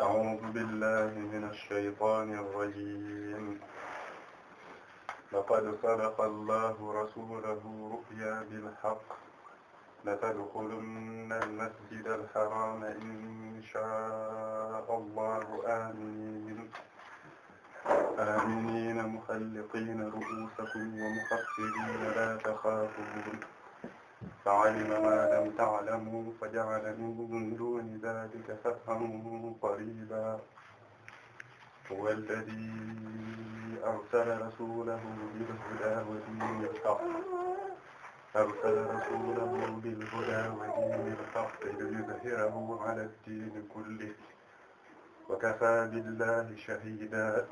أعوذ بالله من الشيطان الرجيم لقد صدق الله رسوله رؤيا بالحق لتدخلن المسجد الحرام إن شاء الله آمنين آمنين محلقين رؤوسكم ومقصرين لا تخافون فعلم ما لم تعلموا فجعل من دون ذلك فتحا قريبا هو الذي أرسل رسوله بالهدى ودين الحق أرسل رسوله بالهدى ودين الحق ليظهره على الدين كله وكفى بالله شهيدا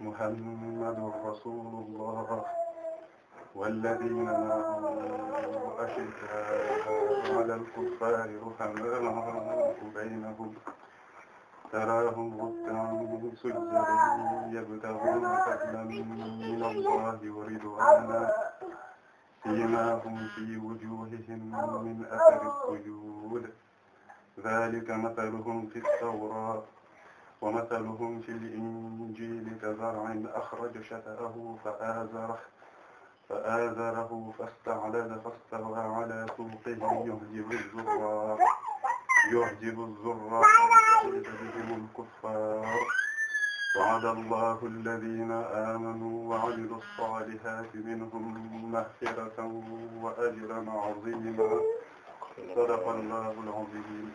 محمد رسول الله والذين معه أشداء على الكفار رحماء بينهم تراهم ركعا سجدا يبتغون فضلا من الله ورضوانا سيماهم في وجوههم من أثر السجود ذلك مثلهم في التوراة ومثلهم في الإنجيل كزرع أخرج شطأه فآزره فآزره فاستعلن فاستوى على سوقه يعجب الزراع يعجب الزراع ويغيظ بهم الكفار وعد الله الذين آمنوا وعملوا الصالحات منهم مغفرة وأجرا عظيما صدق الله العظيم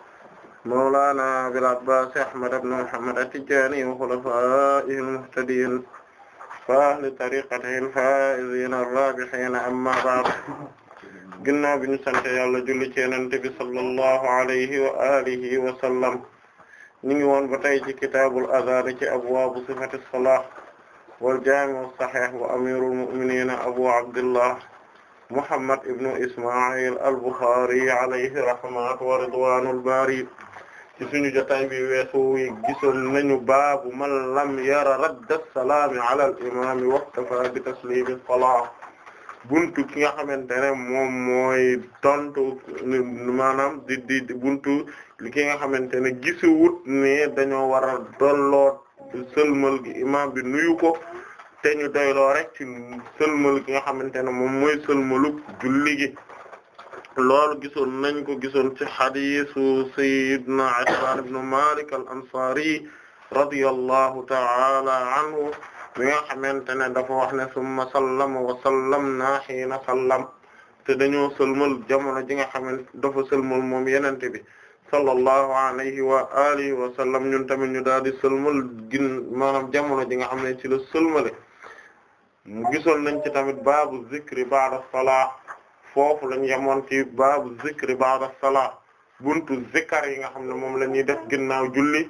mawlana Abil Abbas Ahmad ibn Muhammad at-Tijani wa khulafaa'ihi al-muhtadiin wa ahli tariqatihi al-faa'iziina ar-raabihiin amma ba'd ginnaaw bi ñu sant yàlla julli ci Yonent bi sallallahu alayhi wa alihi wa sallam ñu ngi woon ba tey ci kitaabul adaan ci abwaabu sifati salaat wal jaami' as-sahiih wa amiirul mu'miniin Abu Abdillah Muhammad ibn Isma'il al-Bukhaari alayhi rahmatu wa ridwaanul baari ci suñu jotaay bi weesu yi gisoon nañu baabu man lam yara radda salaami ala al imaami waktafa bi taslimi salaah buntu ki nga xamante ne moom mooy tontu maanaam di di buntu ki nga xamante ne gisuwut ni dañoo war a dolloo sëlmal gi imaam bi nuyu ko te ñu doyloo rek ci sëlmal gi nga xamante ne moom mooy sëlmalug julli gi lool gisoon nañ ko gisoon ci hadiisu sayyidina Itbaan ibn Maalik al-Ansaari radiyallahu ta'ala anhu mi nga xamante ne dafa wax ne summa sallama wa sallamna hiina sallam te dañoo sëlmal jamono ji nga xamante dafa sëlmal moom yenente bi sallallahu alayhi wa alihi wa sallam ñun tamit ñu daal di sëlmal gin maanaam jamono ji nga xam ne ci la sëlmale gisoon nañ ci tamit baabu zikri foofu lañu yemoon ci baabu zikri ba'da salaa buntu zikkar yi nga xam ne moom la ñuy def ginnaaw julli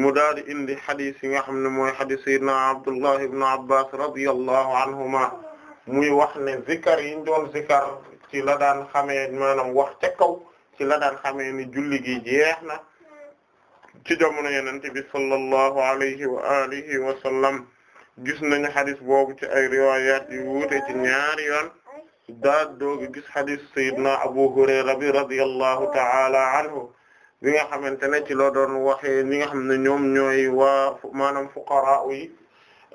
mu daal di indi xadis yi nga xam ne mooy xadis sayyidina Abdullah ibn Abbas radiyallahu wax ne zikkar yiñ doon ci la daan xamee maanaam wax ca kaw ci la daan xamee ni julli gi jeex na ci jamono Yonent bi sallallahu alayhi wa alihi wa sallam gis nañu xadis boobu ci ay riwaayaat yu ci ñaari yoon daa doogi gis hadis sayidna Abu Hurayra bi radiyallahu ta'ala anhu bi nga xamante ne ci loo doon waxee ñi nga xam ne ñoom ñooy waa maanaam fuqara yi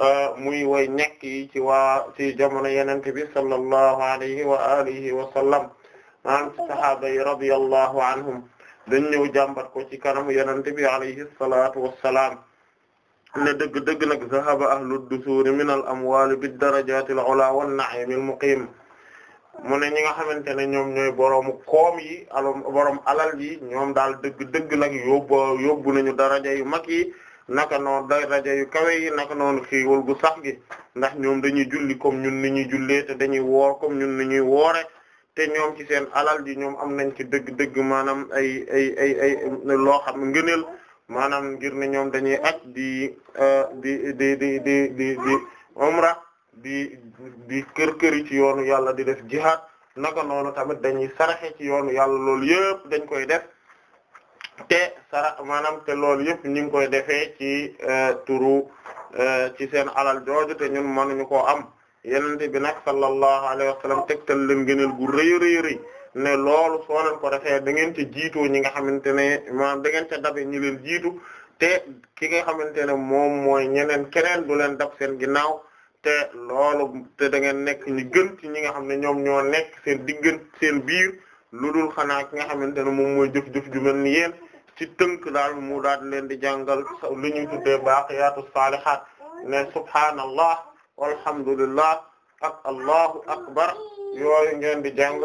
euh, muy way ñekk yi ci waa ci jamono yenente bi sallallahu alayhi wa alihi wa sallam maanaam ci sahaaba yi radiyallahu anhum dañ ñëw jàmbat ko ci kanamu yenente bi alayhi salatu wassalaam ne dëgg dëgg nag zahaba ahlu dusuuri min al amwali bid darajati al ula wan na'im al muqim mu ne ñi nga xamante ne ñoom ñooy boroomu koom yi alom borom alal yi ñoom daal dëgg dëgg nag yóbbu yóbbu nañu daraja yu mag yi naka noonu daraja yu kawe yi naka noonu xiiwal gu sax gi ndax ñoom dañuy julli kom ñun ni ñuy jullee te dañuy woor comme ñun ni ñuy woore te ñoom ci seen alal ji ñoom am nañ ci dëgg dëgg maanaam ay ay ay ay loo xam ngëneel maanaam ngir ne ñoom dañuy aj di euh, di di di di di di umra di di kër kër yi ci yoonu yàlla di def jihaad naka noonu tamit dañuy saraxe ci yoonu yàlla loolu yëpp dañ koy def te sara maanaam te loolu yëpp ñu ngi koy defee ci euh, turu euh, ci seen alal jooju te ñun mënuñu koo am yenente bi nag sallallahu alayhi wa sallam tegtal leen gëneel gu rëy rëy rëy ne loolu soo leen ko defee da ngeen ca jiitoo ñi nga xamante ne maanaam da ngeen ca dabe ñi jiitu te ki nga xamante ne moom mooy ñeneen keneen du leen dab seen ginnaaw te loolu te da nekk ñu gën ci ñi nga xam ne ñoom ñoo nekk seen diggante seen biir lu dul xanaa ki nga xamante ne moom mooy jëf-jëf ju mel ni yéen ci tënk daal mu daal leen di jàngal lu ñu tuddee baaqiyaatu saalihaat ne subhaanallah walhamdulillah ak allahu akbar yooyu ngeen di jàng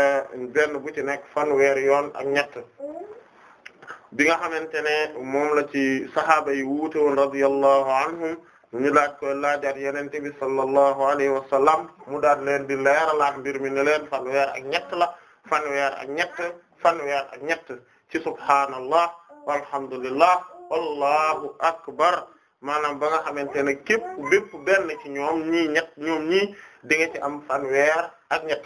eh, benn bu ci nekk fanweer yoon ak ñett bi nga xamante ne moom la ci sahaaba yi wuute woon radiyallahu anhum ñu laaj koy laajaat yenente bi sallallahu alayhi wa sallam mu daat leen di leeralaat mbir mi ne leen fanweer ak ñett la fanweer ak ñett fanweer ak ñett ci subhaanallah walhamdulillah wallahu akbar maanaam ba nga xamante ne képp bépp benn ci ñoom ñii ñett ñoom ñii di nga ci am weer ak ñett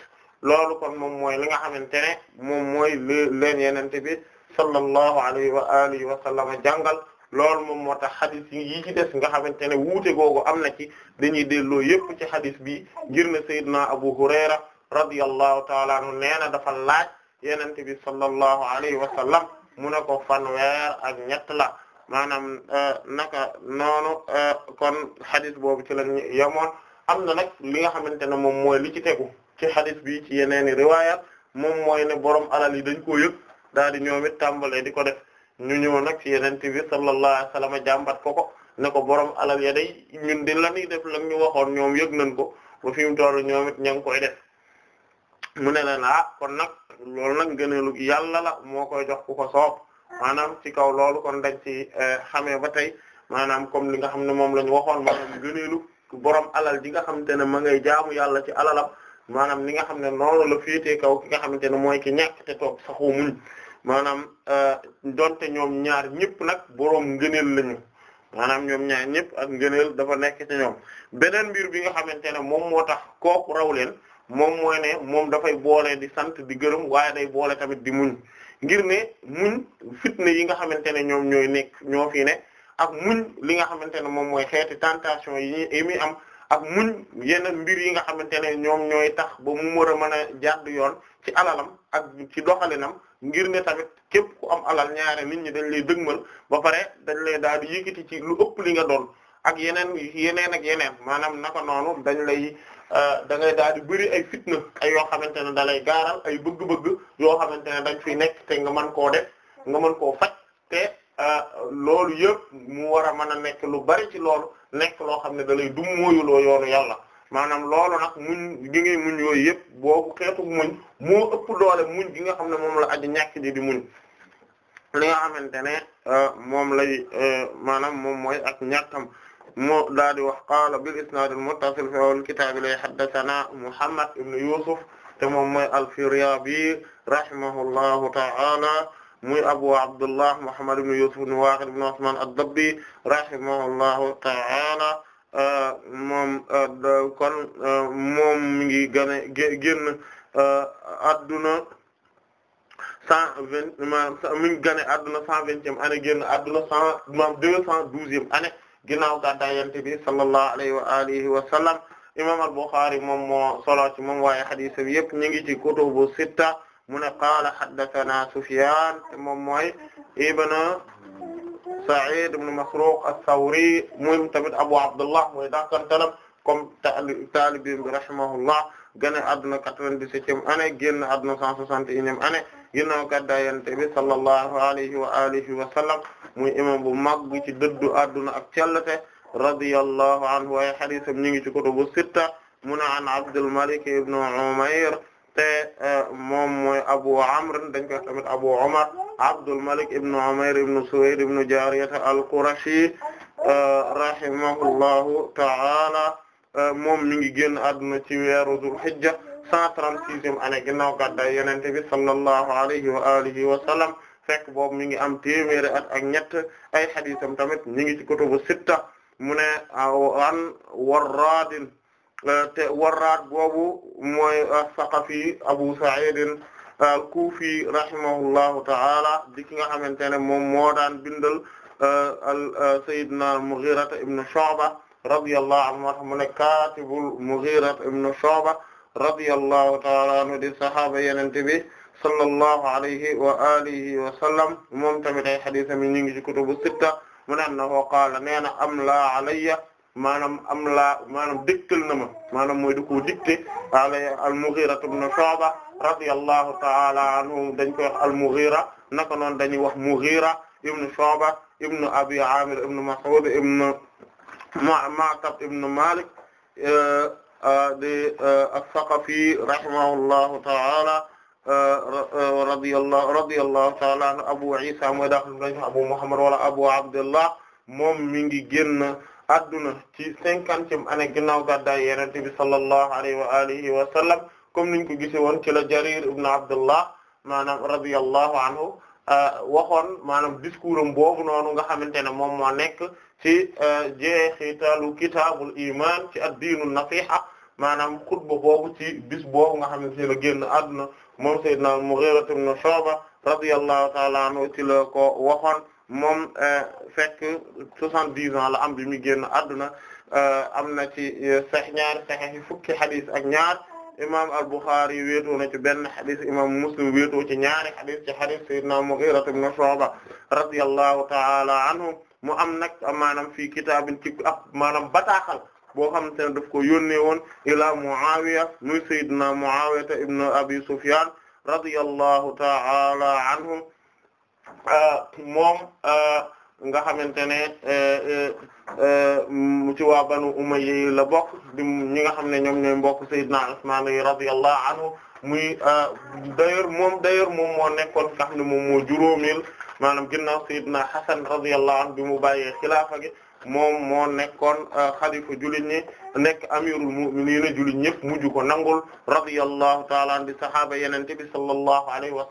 loolu kon moom li nga xamante ne moom mooy leen yenente bi sallallahu alayhi wa alihi wa sallam jàngal loolu moom moo tax xadis yi ci des nga xamante ne wuute googu am na ci dañuy delloo yépp ci xadis bi ngir ne Seydina Abu Hurayra radiyallahu ta anhu nee na dafa laaj yenente bi sallallahu alayhi wa sallam mu ne ko fanweer ak ñett la maanaam euh, naka noonu euh, kon xadis boobu ci la yemoon am na nag li nga xamante ne moom mooy li ci tegu ci xadis bi ci yeneeni riwaayat moom mooy ne borom alal yi dañ koo yëg daal di ñoom tàmbalee di ko def ñu ñëw nag ci yeneen bi sallallahu alayhi wa sallam jàmbat ko ko ne ko borom alal ya day ñun di lanuy def la ñu waxoon ñoom yëg nañ ko ba fi mu toll ñoom it ña ngi koy def mu ne la ah kon nag loolu nag gëneelu yàlla la moo koy jox ku ko soob maanaam ci kaw loolu kon dañ ci eh, xamee ba tey maanaam comme li nga xam ne moom la ñu waxoon maanaam gëneelu borom alal ji nga xamante ne ma ngay jaamu yàlla ci alalam maanaam li nga xam ne noonu la féetee kaw ki nga xamante ne mooy ki ñàkk te toog maanaam euh, donte ñoom ñaar ñëpp nag boroom ngëneel lañu maanaam ñoom ñaar ñëpp ak ngëneel dafa nekk ci ñoom beneen mbir bi nga xamante ne moom moo tax kooku raw leen moom mooy moom dafay boole di sant di gërëm waaye day boole tamit di muñ ngir ne muñ fitna yi nga xamante ne ñoom ñooy nekk ñoo fi ak muñ li nga xamante ne moom mooy xeeti tentation yi mi am ak muñ yenn mbir yi nga xamante ne ñoom ñooy tax ba mu war a mën a jàdd yoon ci alalam ak ci doxalinam ngir ne tamit képp ku am alal ñaare nit ñi dañ lay dëgmal ba pare dañ lay daal di yëkkati ci lu ëpp li nga doon ak yeneen yeneen ak yeneen maanaam naka noonu dañ lay euh, da ngay daal di bëri ay fitna ay yoo xamante ne dalay lay gaaral ay bëgg-bëgg yoo xamante ne dañ fi nekk te nga mën koo de nga mën koo faj te euh, loolu yëpp mu war a mën a nekk lu bari ci loolu nekk loo xam ne da lay dummóoyuloo yoonu yàlla maanaam loolu nag muñ gi ngay muñ yooyu yëpp boobu xeetu muñ mu ëpp doole mu gi nga xam ne moom la aji ñàkk ji di muñ li nga xamante ne euh, moom lay euh, maanaam moom mooy ak ñàkkam mu daal di wax qaala bil isnaad al muttasil fi awwal kitaab lay haddathana Muhammad ibn Yusuf te moom mooy al-Firyabi rahimahullahu ta'ala muy Abu Abdullah Muhammad ibn Yusuf ibn Waqid ibn Usman ad-Dabbi rahimahullahu ta'ala Euh, moom euh, euh, kon moom mi ngi gën a génn adduna cent vingt maanaam mi ngi gën a adduna cent vingtième année génn adduna cent maanaam deux cent douzième année ginnaaw gàddaay Yonent bi sallallahu alayhi wa alihi imam al-Bukhari moom moo solo ci moom waaye hadith bi yëpp ñu ngi sitta mu ne qaala haddathana Sufyan moom mooy ibn Sa'id ibn Masruq as-Sawri moom tamit Abu Abdullah mooy dàqantalam comme taalibi bi rahimahullah gane adduna 97e année génn adduna 161e année ginnaaw gàddaay Yonent bi sallallahu alayhi wa alihi wa sallam muy imam bu mag ci dëddu adduna ak cellate radiyallahu i waaye hadiisam ñu ngi ci kutubu sitta mu ne an Abdul Malik ibn Umayr te eh, moom mooy Abu Amr dañ koy tamit Abu Umar Abdul Malik ibn Umayr ibn Suwayd ibn Jariyah al-Qurashi eh, rahimahullahu ta'ala eh, moom mi ngi génn àdduna ci weeru Dul Hijja 136e année ginnaaw gàddaay Yonent bi sallallahu alayhi wa alihi fekk boobu mi ngi am téeméeri at ak ñett ay hadiisam tamit mi ngi ci kutubu sitta mu ne an Warraad Eh, te warraat boobu mooy eh, saqafi Abu Sa'id al-Kufi rahimahullahu ta'ala di ki nga xamante ne moom moo daan bindal eh, al Sayyidina al-Mughira ibn Shu'ba radiyallahu anhu mu ne kaatibul Mughira ibn Shu'ba radiyallahu ta'ala anhu di saxaaba Yonent bi sallallahu alayhi wa alihi wa sallam moom tamit ay hadiis mi ñu ngi ci kutubu sitta mu ne annahu qaala nee na amla alayya maanaam am laa maanaam dégtal na ma maanaam mooy da koo dicté ala al-Mughira ibn Shu'ba radiyallahu ta'ala anhu dañ koy wax al-Mughira naka noonu dañuy wax Mughira ibn Shu'ba ibn Abi Amir ibn Mas'ud ibn Ma'qab ibn Malik eh, eh, di eh, as-Saqafi rahimahullahu ta'ala radiyallahu radiyallahu ta'ala anhu Abu Isa mooy daal dañuy wax Abu Muhammad wala Abu Abdullah moom mi ngi génn adduna ci cinquantième année ginnaaw gàddaay yonent bi sallallahu alayhi wa alihi wa sallam comme niñ ko gisee woon ci la Jarir ibn Abdullah maanaam radiyallahu anhu euh, waxoon maanaam discours am boobu noonu nga xamante ne moom moo nekk ci euh, jeexitalu kitaabul iman ci ad-diinu nasiha maanaam xutba boobu ci bis boobu nga xamante ne la génn àdduna moom Seydina Mughira ibn Shu'ba radiyallahu ta'ala anhu ci la ko waxoon moom euh, fekk soixante-dix ans la am bi mu génn adduna euh, am na ci euh, sax ñaari saxiix fukki xadis ak ñaar imam al-Bukhari wéetoo na benn xadis imam Muslim wéetoo ci ñaari xadis ci xadis sayyidina Mughira ibn Shu'ba radiyallahu ta'ala anhu mu am nag maanaam fii kitaabin ci ab maanaam bataaxal boo xamante ne daf ko yónnee woon ila Muawiya muy sayyidina Muawiya ibn Abi Sufyan radiyallahu ta'ala anhum Euh, moom euh, nga xamante ne mu euh, ci waa banu umayya la bokk di ñi nga xam ne ñoom ñooy mbokk sayyidna Usmaan radiyallahu anhu muy d'ailleurs moom d'ailleurs moom moo nekkoon nga xam ne moom moo juróomeel maanaam ginnaaw sayyidna Hasan anhu bi mu bàyyee xilaafa gi moom moo nekkoon xalifa jullit ñi nekk amirul mu'minin jullit ñëpp mujj ko nangul radiyallahu ta'ala an di sahaaba yenente bi sallallahu alayhi wa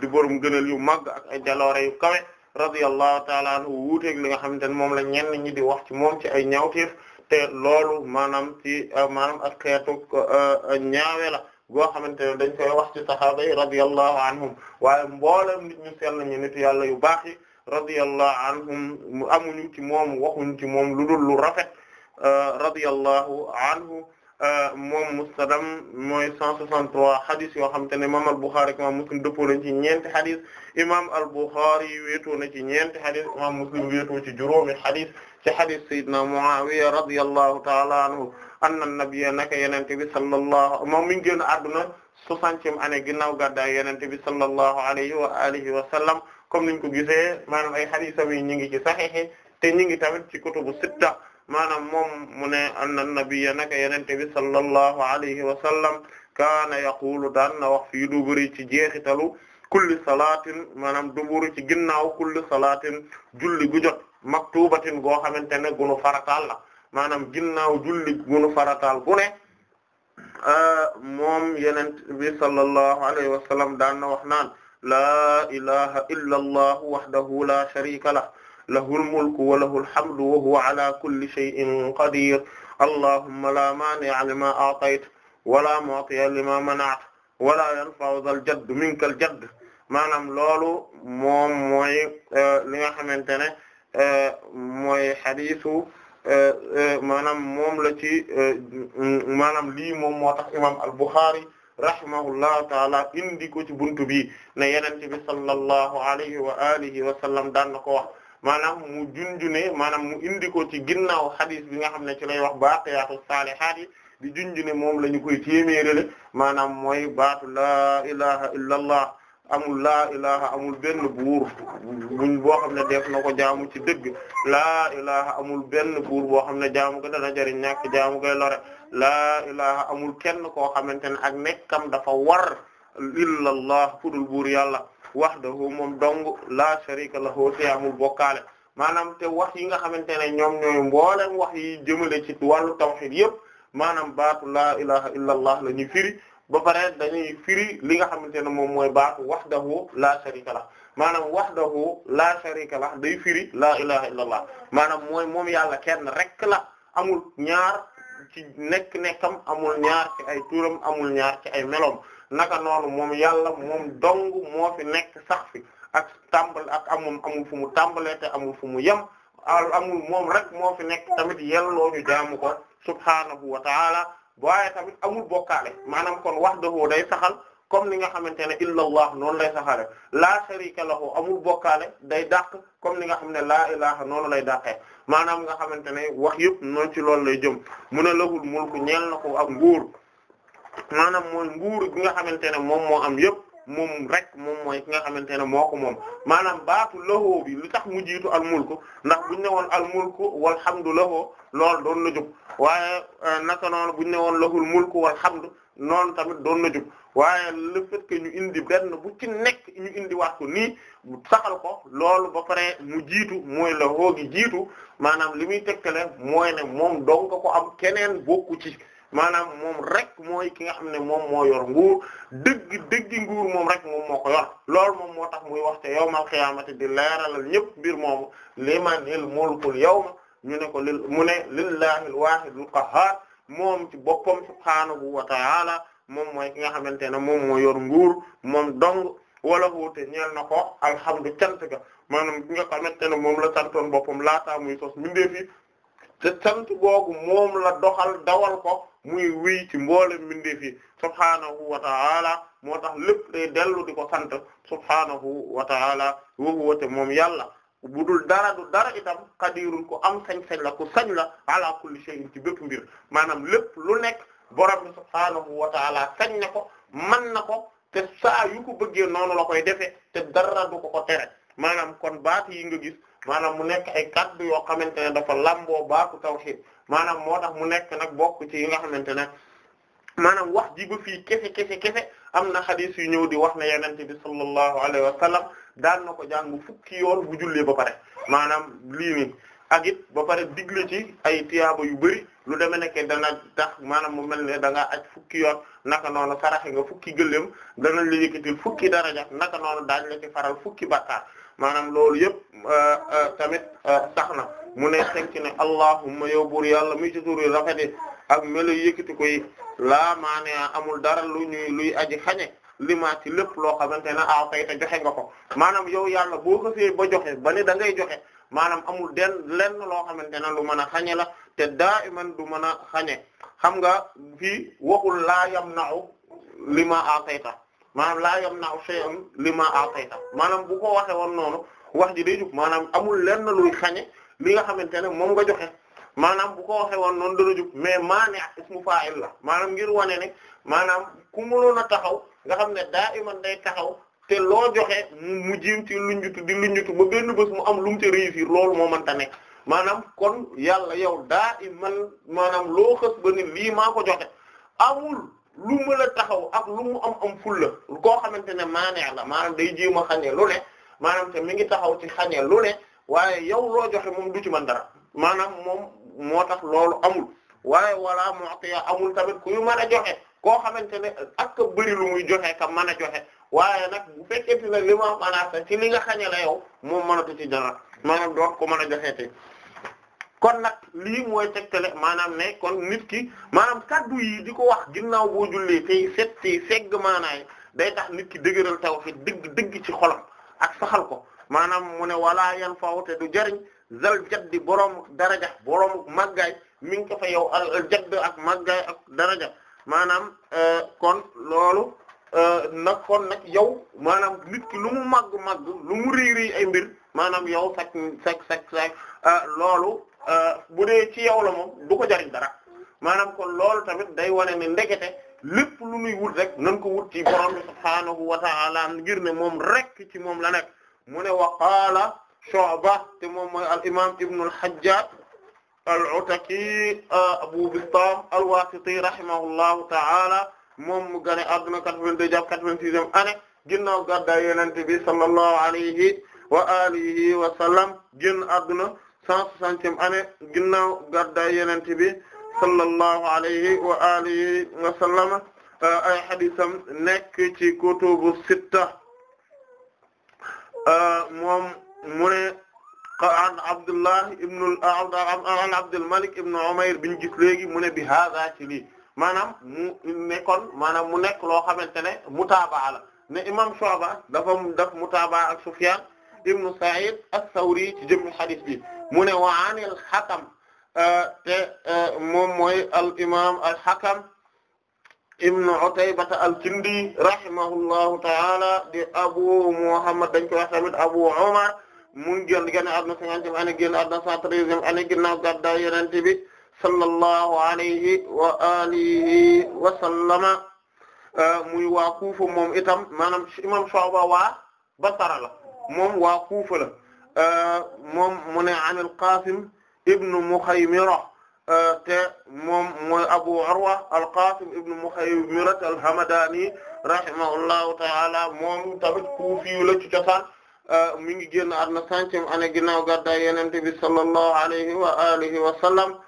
di borom gënal yu mag ak ay jaloore yu kawe radiyallahu taala anhu wuuteeg li nga xamante ne moom la ñenn ñi di wax ci moom ci ay ñaawteef te loolu maanaam ci euh, maanaam ak xeetu euh, ñaawe la goo xamante ne dañ koy wax ci sahaaba yi radiyallahu anhum waaye mboolem nit ñu sell ñi nit yàlla yu baax yi radiyallahu anhum amuñu ci moom waxuñu ci moom lu dul lu rafet euh, radiyallahu anhu Euh, moom mustadam mooy 163 hadith yoo xamante ne imam al-Bukhari imam Muslim dëppoo nañ ci ñeenti hadith imam al-Bukhari na ci ñeenti hadith imam Muslim wéetoo ci juróomi hadith ci hadith sayyidina Muawiya radiyallahu ta'ala anhu anna nabiyya naka yenente bi sallallahu moom mi ngi génn àdduna soixantième anne ginnaaw gàddaay yenente bi sallallahu alayhi wa alihi wa comme niñ ko gisee maanaam ay haditham yi ñu ngi ci saxiix te ñu ngi tamit ci kutubu sitta maanaam moom mu ne anna nabiyya naka yenente bi sallallahu alayhi wa kaana yaqulu daan na wax fii duburi ci jeexitalu kulli salaatin maanaam duburi ci ginnaaw kulli salaatin julli gu jot maktubatin goo xamante ne gunu farataal la maanaam ginnaaw julli gunu farataal gu ne euh, moom yenent bi sallallahu alayhi wa daan na wax naan laa ilaha illa allah wahdahu la sharika lah lahul mulku wa lahul hamdu wa huwa ala kulli shay'in qadir allahumma la mani'a lima a'tayta wa la mu'tiya lima mana'ta wa la yanfa'u dhal jaddi minka al jadd maanaam loolu moom mooy e, li nga xamante ne e, mooy xadiisu e, maanaam moom la ci maanaam lii moom moo tax imam al-Bukhari rahimahullahu taala indi ko ci buntu bi ne yonent bi sallallahu alayhi wa alihi wa sallam daan na ko wax maanaam mu junjune maanaam mu indi ko ci ginnaaw xadis bi nga xam ne ci lay wax baaqiyaatu saalihaat yi di junjune moom la ñu koy téeméerale maanaam mooy baatu laa ilaha illa allah amul laa amul benn buur buñ boo xam ne def na ko jaamu ci dëgg laa ilaha amul benn buur boo xam ne jaamu ko dana jëriñ ñàkk jaamu koy lore laa ilaha amul kenn koo xamante ne ak nekkam dafa war illallah fudul buur yàlla wahdahu moom dong la sharika lahu te amul bokkaale maanaam te wax yi nga xamante ne ñoom ñooy mboolem wax yi jëmale ci wàllu tawhid yëpp maanaam baatu la ilaha illa allah firi ba pare dañuy firi li nga xamante ne moom mooy baatu wahdahu la sharika lah maanaam wahdahu la sharika lah day firi la ilaha illa allah maanaam mooy moom yàlla kenn rek la amul ñaar ci nekk nekkam amul ñaar ci ay turam amul ñaar ci ay melom naka noonu moom yàlla moom dong moo fi nekk sax fi ak tàmbal ak amum amul fu mu tàmbalee te amul fu mu yem amul moom rek moo fi nekk tamit yelloo ñu jaamu ko subhaanahu wa taala waaye tamit amul bokkaale maanaam kon wax wahdahu day saxal comme ni nga xamante ne illallah noonu lay saxale la sharika lahu amul bokkaale day dàq comme ni nga xam ne laa ilaha noonu lay dàqee maanaam nga xamante ne wax yëpp noonu ci loolu lay jëm mu ne lahul mulku ñeel na ko am nguur maanaam mooy nguur gi nga xamante ne moom moo am yëpp moom rek moom mooy ki nga xamante ne moo ko moom maanaam baatu lahoo lu tax mu jiitu al mulku ndax buñ ne woon al mulku walhamdu lahoo lool doon na jub waaye eh, naka noonu buñ ne woon lahul mulku walhamdu noonu tamit doon na jub waaye le fait ñu indi benn bu ci nekk ñu indi wax ko nii saxal ko loolu ba pare mu jiitu mooy lahoo gi jiitu maanaam li muy tekkale mooy ne moom dong ko am keneen bokku ci maanaam moom rek mooy ki nga xam ne moom moo yor nguur dëgg dëgg nguur moom rek moom moo ko yor loolu moom moo tax muy wax te yawmal qiyaamati di leeralal ñëpp mbir moomu limanil mulkul yawma ñu ne ko lil mu ne lillaahil waahidil qahhaar moom ci boppam subhaanahu wa ta'aala moom mooy ki nga xamante ne moom moo yor nguur moom dong wala wuute ñeel na ko alhamdu cant ga maanaam ki nga xamante ne moom la santoon boppam laataa muy sos mbindeef te sant googu moom la doxal dawal ko muy wéy ci mboolem mbindeef yi subhaanahu wa ta'ala moo tax lépp day dellu ko sant subhaanahu wa ta'ala wa huwa te moom yàlla bu dul dara du dara itam qadirul ko am sañ-sañ la ku sañ la ala ci bépp mbir maanaam lépp lu nekk borom bi subhaanahu wa ta'ala sañ na ko man na ko te saa yu ko bëggee noonu la koy defee te dara du ko ko tere maanaam kon baat yi nga gis maanaam mu nekk ay kaddu yoo xamante ne dafa lamboo baatu tawhid maanaam moo tax mu nekk nag bokk ci yi nga xamante ne maanaam wax ji ba fii kese kese kese am na xadis yu ñëw di wax ne yenente bi sallallahu alayhi wa sallam daan na ko jàng fukki yoon bu jullee ba pare maanaam lii nii ak it ba pare digle ci ay tiyaaba yu bëri lu deme nekke dana tax maanaam mu mel ne da ngaa aj fukki yoon naka noonu saraxe nga fukki gëléem dana la yëkkatil fukki daraja naka noonu daañ la ci faral fukki bàkkaar maanaam loolu yëpp euh, euh, tamit euh, tax na mu ne tekki ne allahumma yow buur yàlla muy ci tuur yu rafet ak melo yëkkati ko la laa amul dara lu ñuy luy aji xañe lima ci lépp loo xamante ne aw kay joxe nga ko maanaam yow yàlla boo ko fee ba joxe ba ne da ngay joxe maanaam amul den lenn loo xamante ne lu mën a xañe la te daa iman du mën a xañe xam nga fii waxul laa yam na'u lima aw kay maanaam laa yam naaw shay'an li ma atayta maanaam bu ko waxee woon noonu wax ji day jub maanaam amul lenn luy xañe li nga xamante ne moom nga joxe maanaam bu ko waxee woon noonu dana jub ma maane ismu fa'il la maanaam ngir wane ne maanaam ku a taxaw nga xam ne daa iman day taxaw te loo joxe mu jiim ci lunjutu di lunjutu ba benn bés mu am lu mu ci réussir loolu moo mënta nekk maanaam kon yàlla yow daa iman maanaam loo xës ba ni lii maa ko joxe amul lu mën a taxaw ak lu mu am am fulla koo xamante ne maanee la maanaam day jéem a xañe lu ne maanaam te mi ngi taxaw ci xañe lu ne waaye yow loo joxe moom du ci mën dara maanaam moom moo tax loolu amul waaye wala mu'tiya amul tamit ku yu mën a joxe koo xamante ne ak ka bëri lu muy joxe ka mën a joxe waaye nag bu fekkente ne li ma manaata ci li nga xañe la yow moom mënatu ci dara maanaam doot ko mën a joxeete kon nag lii mooy tegtale maanaam ne kon nit ki maanaam kaddu yi di ko wax ginnaaw boo jullee tey set si segg maanaay day tax nit ki taw tawhid dëgg dëgg ci xolam ak saxal ko maanaam mu ne walaa yan fawte du jariñ zal jaddi borom daraja borom màggaay mi ngi ko fa yow al jadd ak màggaay ak daraja maanaam euh, kon loolu euh, nag kon nag yow maanaam nit lu mu màgg màgg lu mu réy réy ay mbir maanaam yow sak sak sak sak euh, loolu Euh, bu dee ci yow la moom du ko jariñ dara maanaam kon lool tamit day wane ne ndekete lépp lu nuy wul rek nan ko wut ci borom bi subhaanahu wa ta'ala ngir ne moom rek ci moom la nekk mu ne wa qaala Shu'ba te moom mooy al imam Ibn al-Hajjaj al-Ataki euh, Abu Bistam al-Wasiti rahimahullahu ta'ala moom mu gane adduna 82 jàpp 86e année ginnaaw gàddaay Yonent bi sallallahu alayhi wa alihi wa sallam génn adduna 160e année ginnaaw gàddaay yen bi sallallahu alayhi wa alihi wa sallam euh, ay hadisam nekk ci kutubu sitta euh, moom mu ne an Abdullah ibn al Abdul Malik ibn Umayr biñ gis léegi mu ne bi haaza ci lii maanaam mu nekkoon maanaam mu nekk loo xamante ne mutaabaa la imam Shu'ba dafa daf mutaabaa ak ibnu Sa'id as-Sawri ci jëmmi xadis bi mu ne wa anil Hakam euh, te euh, moom mooy al imaam al Hakam ibnu Utaybata al-Kindi rahimahullahu ta'ala di Abu Muhammad dañ ko wax tamit Abu Umar mu ngi génn génn àdduna cinquantième année génn àdduna cent treizième année ginnaaw gàddaay Yonent bi sallallahu alayhi wa alihi wa sallama euh, muy waa Kufa moom itam maanaam imam Shu'ba waa Basra la moom waa Kufa la euh, moom mu ne an al-Qasim ibn Mukhaymira euh, te moom mooy Abu Urwa al-Qasim ibn Mukhaymira al-Hamadani rahimahullahu ta'ala moom tamit kuufi la ci cosaan euh, mi ngi génn àdduna centième année ginnaaw gàddaay Yonent bi sallallahu alayhi wa alihi wa sallam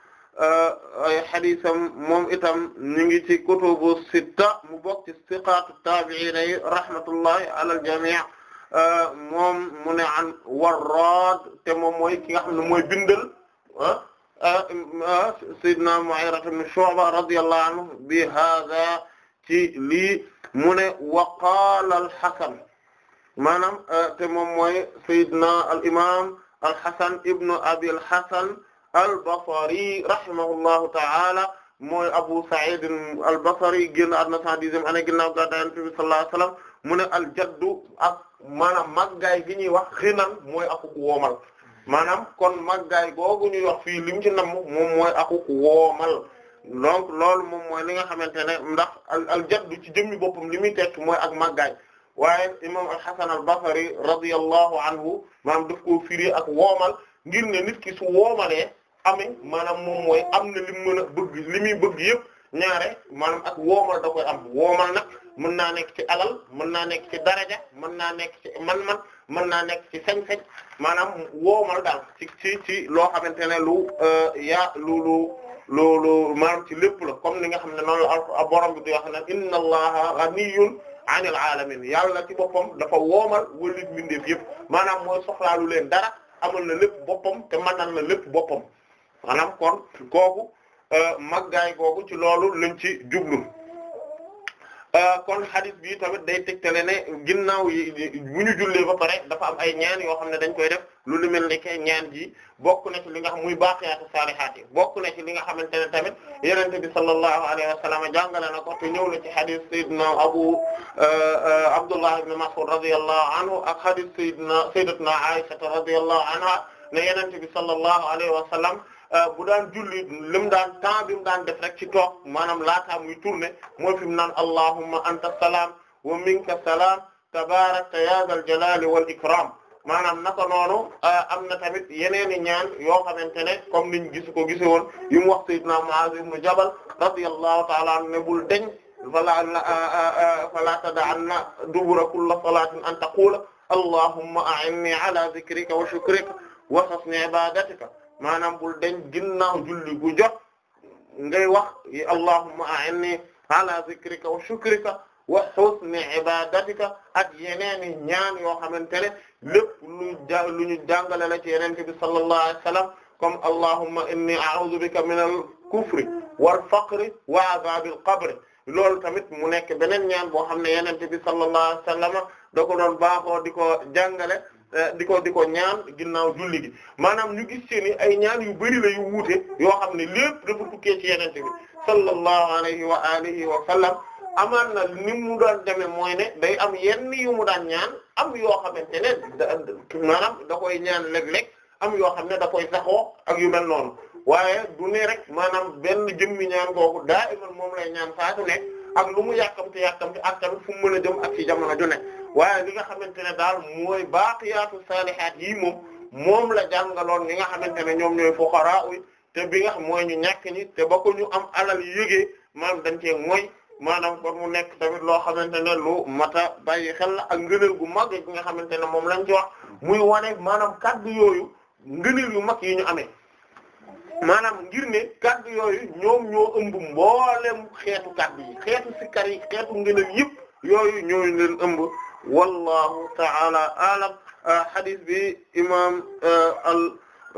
ay hadiisam moom itam ñu ngi ci kutubu sitta mu bokk ci siqaatu taabi'iin yi rahmatullahi ala al-jamii' moom mu ne an Warrad te moom mooy ki nga xam ne mooy bindal ah, ah, ah, Seydina Mu'ayra ibn Shu'ba radiyallahu anhu bi hadha ci lii mu ne wa qaala al-Hasan maanaam te moom mooy Seydina al-Imam al-Hasan ibn Abi al-Hasan al-Basri rahimahullahu ta'ala mooy Abu Sa'id al-Basri génn àdduna 110e année ginnaaw gàddaay Yonent bi sallallahu alayhi wasallam mu ne al-jaddu ak maanaam màggaay gi ñuy wax xinan mooy akuk woomal maanaam kon màggaay googu ñuy wax fii li mu ci namm moom mooy akuk woomal donc loolu moom mooy li nga xamante ne ndax al al jaddu ci jëmmi boppam li muy tekk mooy ak màggaay waaye imam al-Hasan al-Basri radiyallahu anhu maanaam daf koo firi ak woomal ngir ne nit ki su woomalee amee maanaam moom mooy am na li mu mën a bëgg li muy bëgg yëpp ñaare maanaam ak woomal da koy am woomal nag mën naa nekk ci alal mën naa nekk ci daraja mën naa nekk ci man-man mën naa nekk ci sañ-sañ maanaam woomal daal ci ci ci loo xamante ne lu euh, yaa lu lu lu lu ci lépp la comme ni nga xam ne noonu la borom bi di wax ne inna allaha ghaniyyun anil alamin yàlla ci boppam dafa woomal wëlit mbindeef yëpp maanaam mooy soxlaalu leen dara amal na lépp boppam te mënal na lépp boppam maanaam kon kooku euh, maggaay googu ci loolu lañ ci jublu Euh, kon hadith bi tamit day tegtale ne ginnaaw yi bu ñu jullee ba pare dafa am ay ñaan yoo xam ne dañ koy def lu lu mel ne que ñaan ji bokk na ci li nga xam muy baaqiyaatu saalihaat yi bokk na ci li nga xamante ne tamit yonent bi sallallahu alayhi wa sallam jàngale na ko te ñëw na ci hadith sayyidina Abu euh, Abdullah ibn Mas'ud radiyallahu anhu ak hadith sayyidina sayyidatuna Aisha radiyallahu anha ne yonent bi sallallahu alayhi wa sallam Euh, bu daan julli lim daan temps bi mu daan def rek ci toog maanaam laataa muy tourné mooy fi mu naan allahumma anta salaam wa minka salaam tabaarakta yaa zal jalaali wal ikram maanaam naka noonu euh, am na tamit yeneen i ñaan yoo xamante ne comme niñ gis ko gise woon yi mu wax sayyidna Muaz ibn Jabal radiyallahu ta'ala anhu ne bul deñ fala fala tada'anna dubura kulli salatin an taqula allahumma a'inni ala dhikrika wa shukrika wa husni ibadatika maanaam bul deñ ginnaaw julli gu jot ngay wax yi allahumma a'inni ala zikrika wa shukrika wa husni ibadatika ak yeneeni ñaan yoo xamante ne lépp lu ja lu ñu jàngale la ci yeneen bi sallallahu alayhi wasallam comme allahumma inni a'udhu bika min al kufri wal faqri wa adhab al qabri loolu tamit mu nekk beneen ñaan boo xam ne yeneen bi sallallahu alayhi wasallam da ko doon baaxoo di ko jàngale Eh, di ko di ko ñaan ginnaaw julli gi maanaam ñu gis ni ay ñaan yu bari la yu wuute yoo xam ne lépp dafa tukkee ci yenente bi sallallahu alayhi wa alihi wa sallam amaan na ni mu daan deme mooy ne day am yenn yu mu daan ñaan am yoo xamante ne maanaam da koy ñaan léeg-léeg am yoo xam ne da koy saxoo ak yu mel noonu waaye du ne rek maanaam benn jëmmi ñaan googu daa moom lay ñaan saatu nekk ak lu mu yàkkamte yàkkamte ak tamit fu mu mën a jëm ak ci jamono ju ne waaye li nga xamante ne daal mooy baaqiyaatu saalihaat yii moom moom la jàngaloon ñi nga xamante ne ñoom ñooy fuqaraa yi te bi nga xam mooy ñu ñàkk ñi te ba ko ñu am alal yëgee maanaam dañ cee mooy maanaam kon mu nekk tamit loo xamante ne lu mata bàyyi xel la ak ngëneel gu mag gi nga xamante ne moom lañ ci wax muy wane maanaam kaddu yooyu ngëneel yu mag yi ñu amee maanaam ngir ne kaddu yooyu ñoom ñoo ëmb mboolem xeetu kaddu yi xeetu sikkar yi xeetu yëpp yooyu ñoo leen ëmb wallahu ta'ala alam hadith ah, bi imam ah, al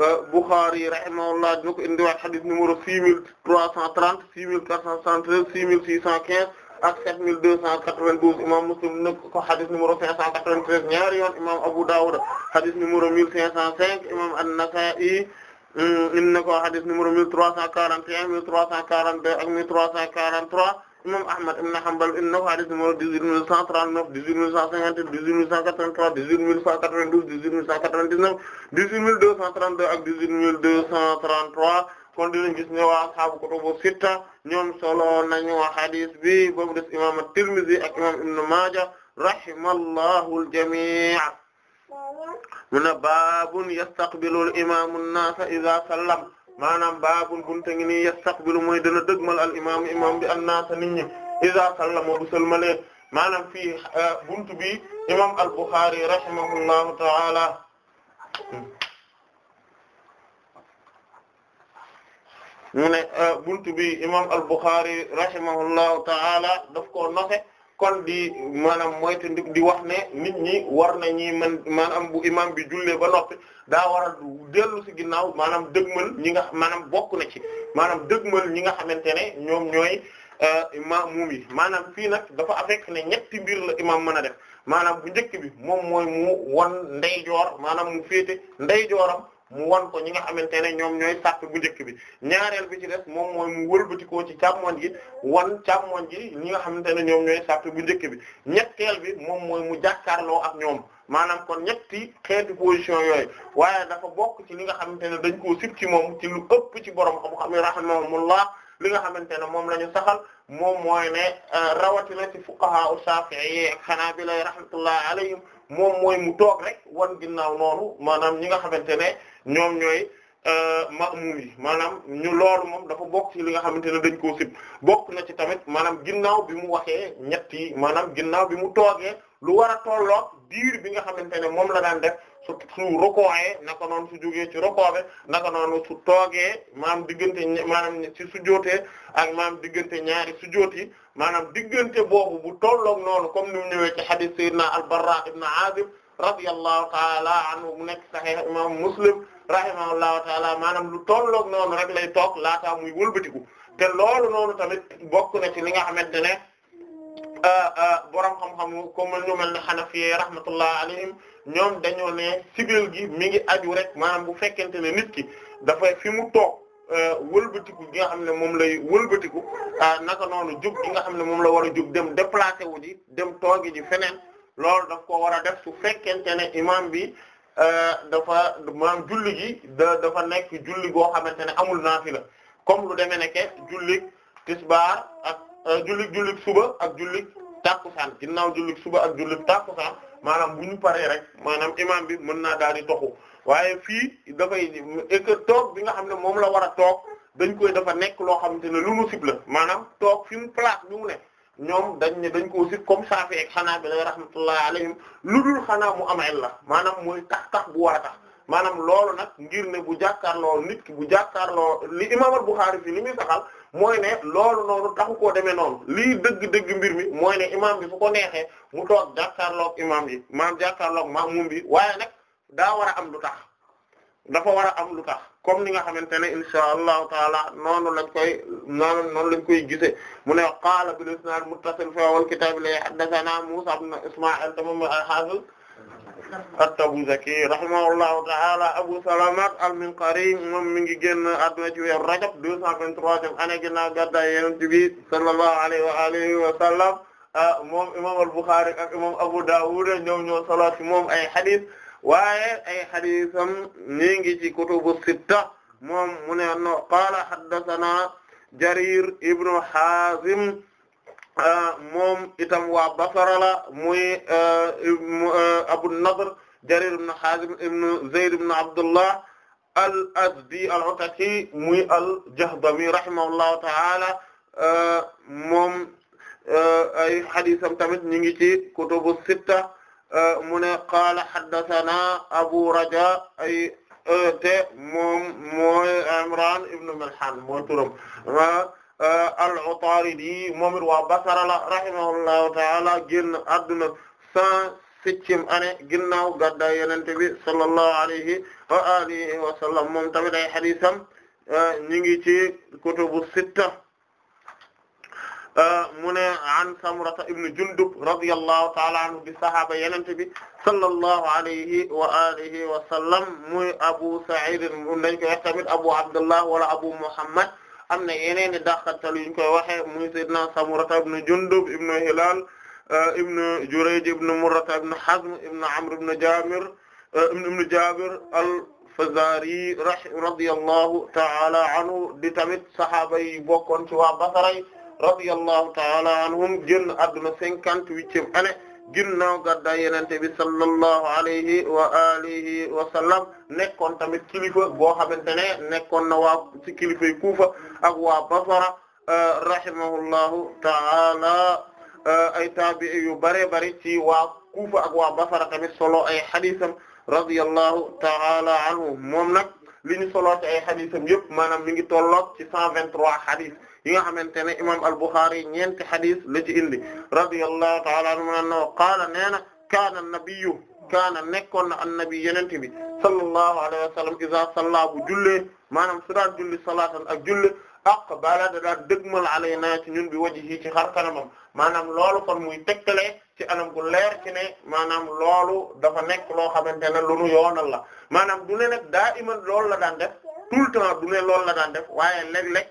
ah, Bukhari rahimahullah dina ko indiwaat hadith numéro six mille trois cent trente six mil quatre cent soixante-treize six mille six cent quinze ak sept mille deux cent quatre-vingt-douze imam Muslim na ko hadith numéro cinq cent quatre-vingt-treize ñaari yoon imam Abu Dawud hadith numéro mille cinq cent cinq imam An-Nasa'i Euh, indi na ko hadith numéro 1341 1342 ak 1343 imam Ahmad ibn Hanbal indi na ko hadith numéro 18139 18158 18183 18192 18199 18232 ak 18233 kon dinañ gis ne waa ashaabu kutubu sitta ñoom solo nañu hadith bi boobu des imam At-Tirmidhi ak imam Ibn Maaja rahimallahu al-jamii' mu ne baabun yastaqbilul imaamu naasa iza sallam maanaam baabun bunte ngi nii yastaqbilu mooy dana dëgmal al imaamu imaam bi an naasa nit ñi iza sallama bu salmalee maanaam fii euh, buntu bi imaam al Bukhari rahimahullahu ta'ala mu ne euh, buntu bi imaam al Bukhari rahimahullahu ta'ala daf koo noxe kon di maanaam moytu di wax ne nit ñi war nañuy man maanaam bu imam bi jullee ba noppi daa war a dellu ci ginnaaw maanaam dëgmal ñi nga maanaam bokk na ci maanaam dëgmal ñi nga xamante ne ñoom ñooy euh, maamum yi maanaam fii nag dafa fekk ne ñetti mbir la imam mën a def maanaam bu njëkk bi moom mooy mu wan ndeyjoor maanaam mu féete ndeyjooram mu wan ko ñi nga xamante ne ñoom ñooy sàpp bu njëkk bi ñaareel bi ci des moom mooy mu wëlbatikoo ci càmmoñ gi wan càmmoñ gi ñi nga xamante ne ñoom ñooy sàpp bu njëkk bi ñetteel bi moom mooy mu jàkkaarloo ak ñoom maanaam kon ñetti xeeti position yooyu waaye dafa bokk ci li nga xamante ne dañ koo sib ci moom ci lu ëpp ci borom xam-xam yi rahimahumullah li nga xamante ne moom la ñu saxal moom mooy ne euh, rawatina ci fuqaha u Shafi'i xanaa bi lay alayhim moom mooy mu toog rek wan ginnaaw noonu maanaam ñi nga xamante ne ñoom ñooy euh, ma'muum yi maanaam ñu loolu moom dafa bokk ci li nga xamante ne dañ ko sib bokk na ci tamit maanaam ginnaaw bi mu waxee ñetti manaam ginnaaw bi mu toogee lu war a tolloog diir bi nga xamante ne moom la daan def su su rokoowee naka noonu su jógee ci rokoobe naka noonu su toogee maam diggante maanaam ci sujootee ak maanaam diggante ñaari sujoot yi maanaam diggante boobu bu tolloog noonu comme ni mu ñëwee ci hadith sayyidina al-Barra ibn Azib radiyallahu ta'ala anhu mu nekk sahih imam Muslim rahimahullahu ta'ala maanaam lu tolloog noonu rek lay toog laataa muy wëlbatiku te loolu noonu tamit bokk na ci li nga xamante ne borom xam-xamu comme ñu mel ne Hanafi rahmatullah alayhim ñoom dañoo ne sibil gi mi ngi aju rek maanaam bu fekkente ne nit ki dafay fi mu toog euh, wëlbatiku gi nga xam ne moom lay wëlbatiku euh, naka noonu jug gi nga xam ne moom la war a jug dem déplacé wu ji dem toogi ji feneen loolu daf ko war a def su fekkente ne imam bi euh, dafa maanaam julli gi da dafa nekk julli goo xamante ne amul naafila comme lu demee ne ke julli tisbaar Euh, jullit jullit suba ak jullit tàkkusaan ginnaaw jullit suba ak jullit tàkkusaan maanaam bu ñu paree rek maanaam imam bi mën naa daal di waaye fii dafay et que toog bi nga xam ne moom la war a toog dañ koy dafa nekk loo xamante ne lu mu sib la maanaam toog fi mu place bi mu ne ñoom dañ ne dañ koo sib comme Saafi ak xanaa bi la rahmatullah alayhim lu dul xanaa mu amel la maanaam mooy tax tax bu war tax maanaam loolu nag ngir ne bu jàkkaarloo nit ki bu jàkkaarloo li imam al-Bukhari fi li a saxal mooy ne loolu noonu taxu koo demee noonu lii dëgg-dëgg mbir mi mooy ne imam bi fu ko neexee mu toog jàkkaarloog imam bi maam ma maamum bi waaye nag daa war a am lu tax dafa war a am lu tax comme ni nga xamante ne insha allahu taala noonu lañ koy noonu noonu lañ koy gisee mu ne qaala bil isnaad muttasil fi awwal kitaab li haddathana Musa ibn Isma'il tamam al-Hafiz at-Tabuzaki rahimahullahu ta'ala Abu Salama al-Minqari moom mi ngi génn àdduna ci weeru Rajab 223e année ginnaaw gàddaay Yonent bi sallallahu alayhi wa alihi wa sallam ah, moom imam al-Bukhari ak imam Abu Dawud ñoom ñoo solo ci moom ay hadith waaye ay haditham ñi ngi ci kutubu sitta moom mu ne no qaala haddathana Jarir ibnu Hazim Euh, moom itam waa Basra la muy euh, euh, Abu Nadr Jarir ibn Hazim ibn Zayd ibn Abdullah al-Azdi al-Ataki muy al-Jahdami rahimahullahu ta'ala moom ay hadisam tamit ñu ngi ci kutubu sitta mu ne qaala haddathana Abu Raja ay te moom mooy Imran ibn Milhan mooy turam. Euh, al-Utaridi moom it waa Basra la rahimahullahu ta'ala génn adduna cent septième année ginnaaw gàddaay Yonent bi sallallahu alayhi wa alihi wa sallam moom tamit ay hadiisam euh, ñu ngi ci kutubu sitta euh, mu ne an Samurata ibnu Jundub radiyallahu ta'ala anhu bi sahaaba Yonent bi sallallahu alayhi wa alihi wa sallam muy Abu Sa'id dañ koy wax tamit Abu Abdullah wala Abu Muhammad am na yeneen i dàqantal yu ñu koy waxee muy sayyidina Samurata ibn Jundub ibn Hilal euh, ibn Jurayj ibn Murrata ibn Hazm ibn Amr ibn Jamir euh, ibn Jabir al-Fazari radiyallahu ta'ala anhu di tamit sahaaba yi bokkoon ci waa Basra radiyallahu ta'ala anhum génn àdduna cinquante-huitième année ginnaaw gàddaay yenente bi sallallahu alayhi wa alihi wa sallam nekkoon tamit kilifa boo xamante ne nekkoon na waa ci kilifay Kufa ak waa Basra euh, rahimahullahu ta'ala euh, ay taabi'i yu bare bari ci waa Kufa ak waa Basra tamit solo ay xadiisam radiyallahu ta'ala anhu moom nag li ñu solo ci ay xadiisam yëpp maanaam mi ngi tolloog ci cent vingt-trois xadiis yi nga xamante ne imam al-Bukhari ñeenti xadis la ci indi radiyallahu ta'ala anhu annahu qaala nee na kaana nabiyyu kaana nekkoon na annabi yenente bi sallallahu alayhi wa sallam iza salla bu jullee maanaam su daan julli salaatan ak julli aqbala da daan dëgmal alaynaa ci ñun bi wajhi ci xar kanamam maanaam loolu kon muy tegtale ci anam gu leer ci ne maanaam loolu dafa nekk loo xamante lu nu yoonal la maanaam du ne nag daa loolu la daan def tout le loolu la daan waaye léeg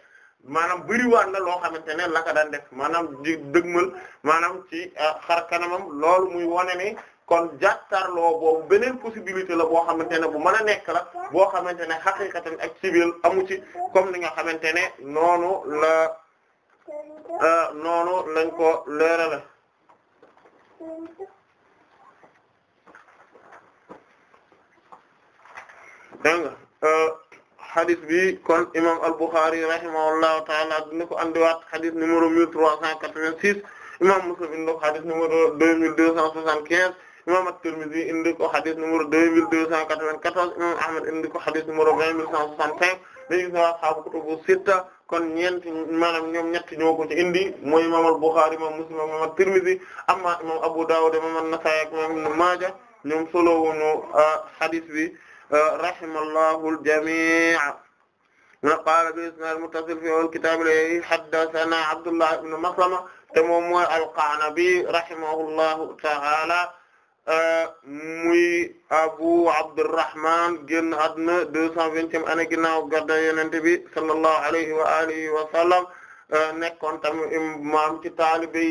maanaam bëriwaat na loo xamante ne la ka daan def maanaam di dëgmal maanaam ci euh, xar kanamam loolu muy wane ni kon jàkkaarloo boobu beneen possibilité la boo xamante ne bu mën a nekk la boo xamante ne xaqiqatan ak sibil amu ci comme ni nga xamante ne noonu la euh, noonu lañ ko leerale dégg nga euh, xadis bi kon imam al-Bukhari rahimahullahu taala dina ko andiwaat xadis numéro mille trois cent quatre-vingt-six imam Muslim indi ko xadis numéro deux mille deux cent soixante-quinze imam at-Tirmidhi indi ko xadis numéro deux mille deux cent quatre-vingt-quatorze imam Ahmad indi ko xadis vingt mille cent soixante-cinq dañu gis ashaabu kutubu sitta kon ñeent maanaam ñoom ñett ñoo ko indi mo imam al-Bukhari imam Muslim imam at-Tirmidhi amma imam Abu Dawud imam an-Nasa'i ak imam Ibn Maaja ñoom solo woñu ah, xadis bi rahimallahu al-jamii' na qaala bi isnaad muttasil fi awwal kitaab li haddathana Abdullah ibn Maslama te moom mooy al-Qa'nabi rahimahullahu ta'ala muy Abu Abdurrahman génn àdduna deux cent vingtième année ginnaaw gàddaay Yonent bi sallallahu alayhi wa alihi wa sallam nekkoon tamit imaam ci taalibe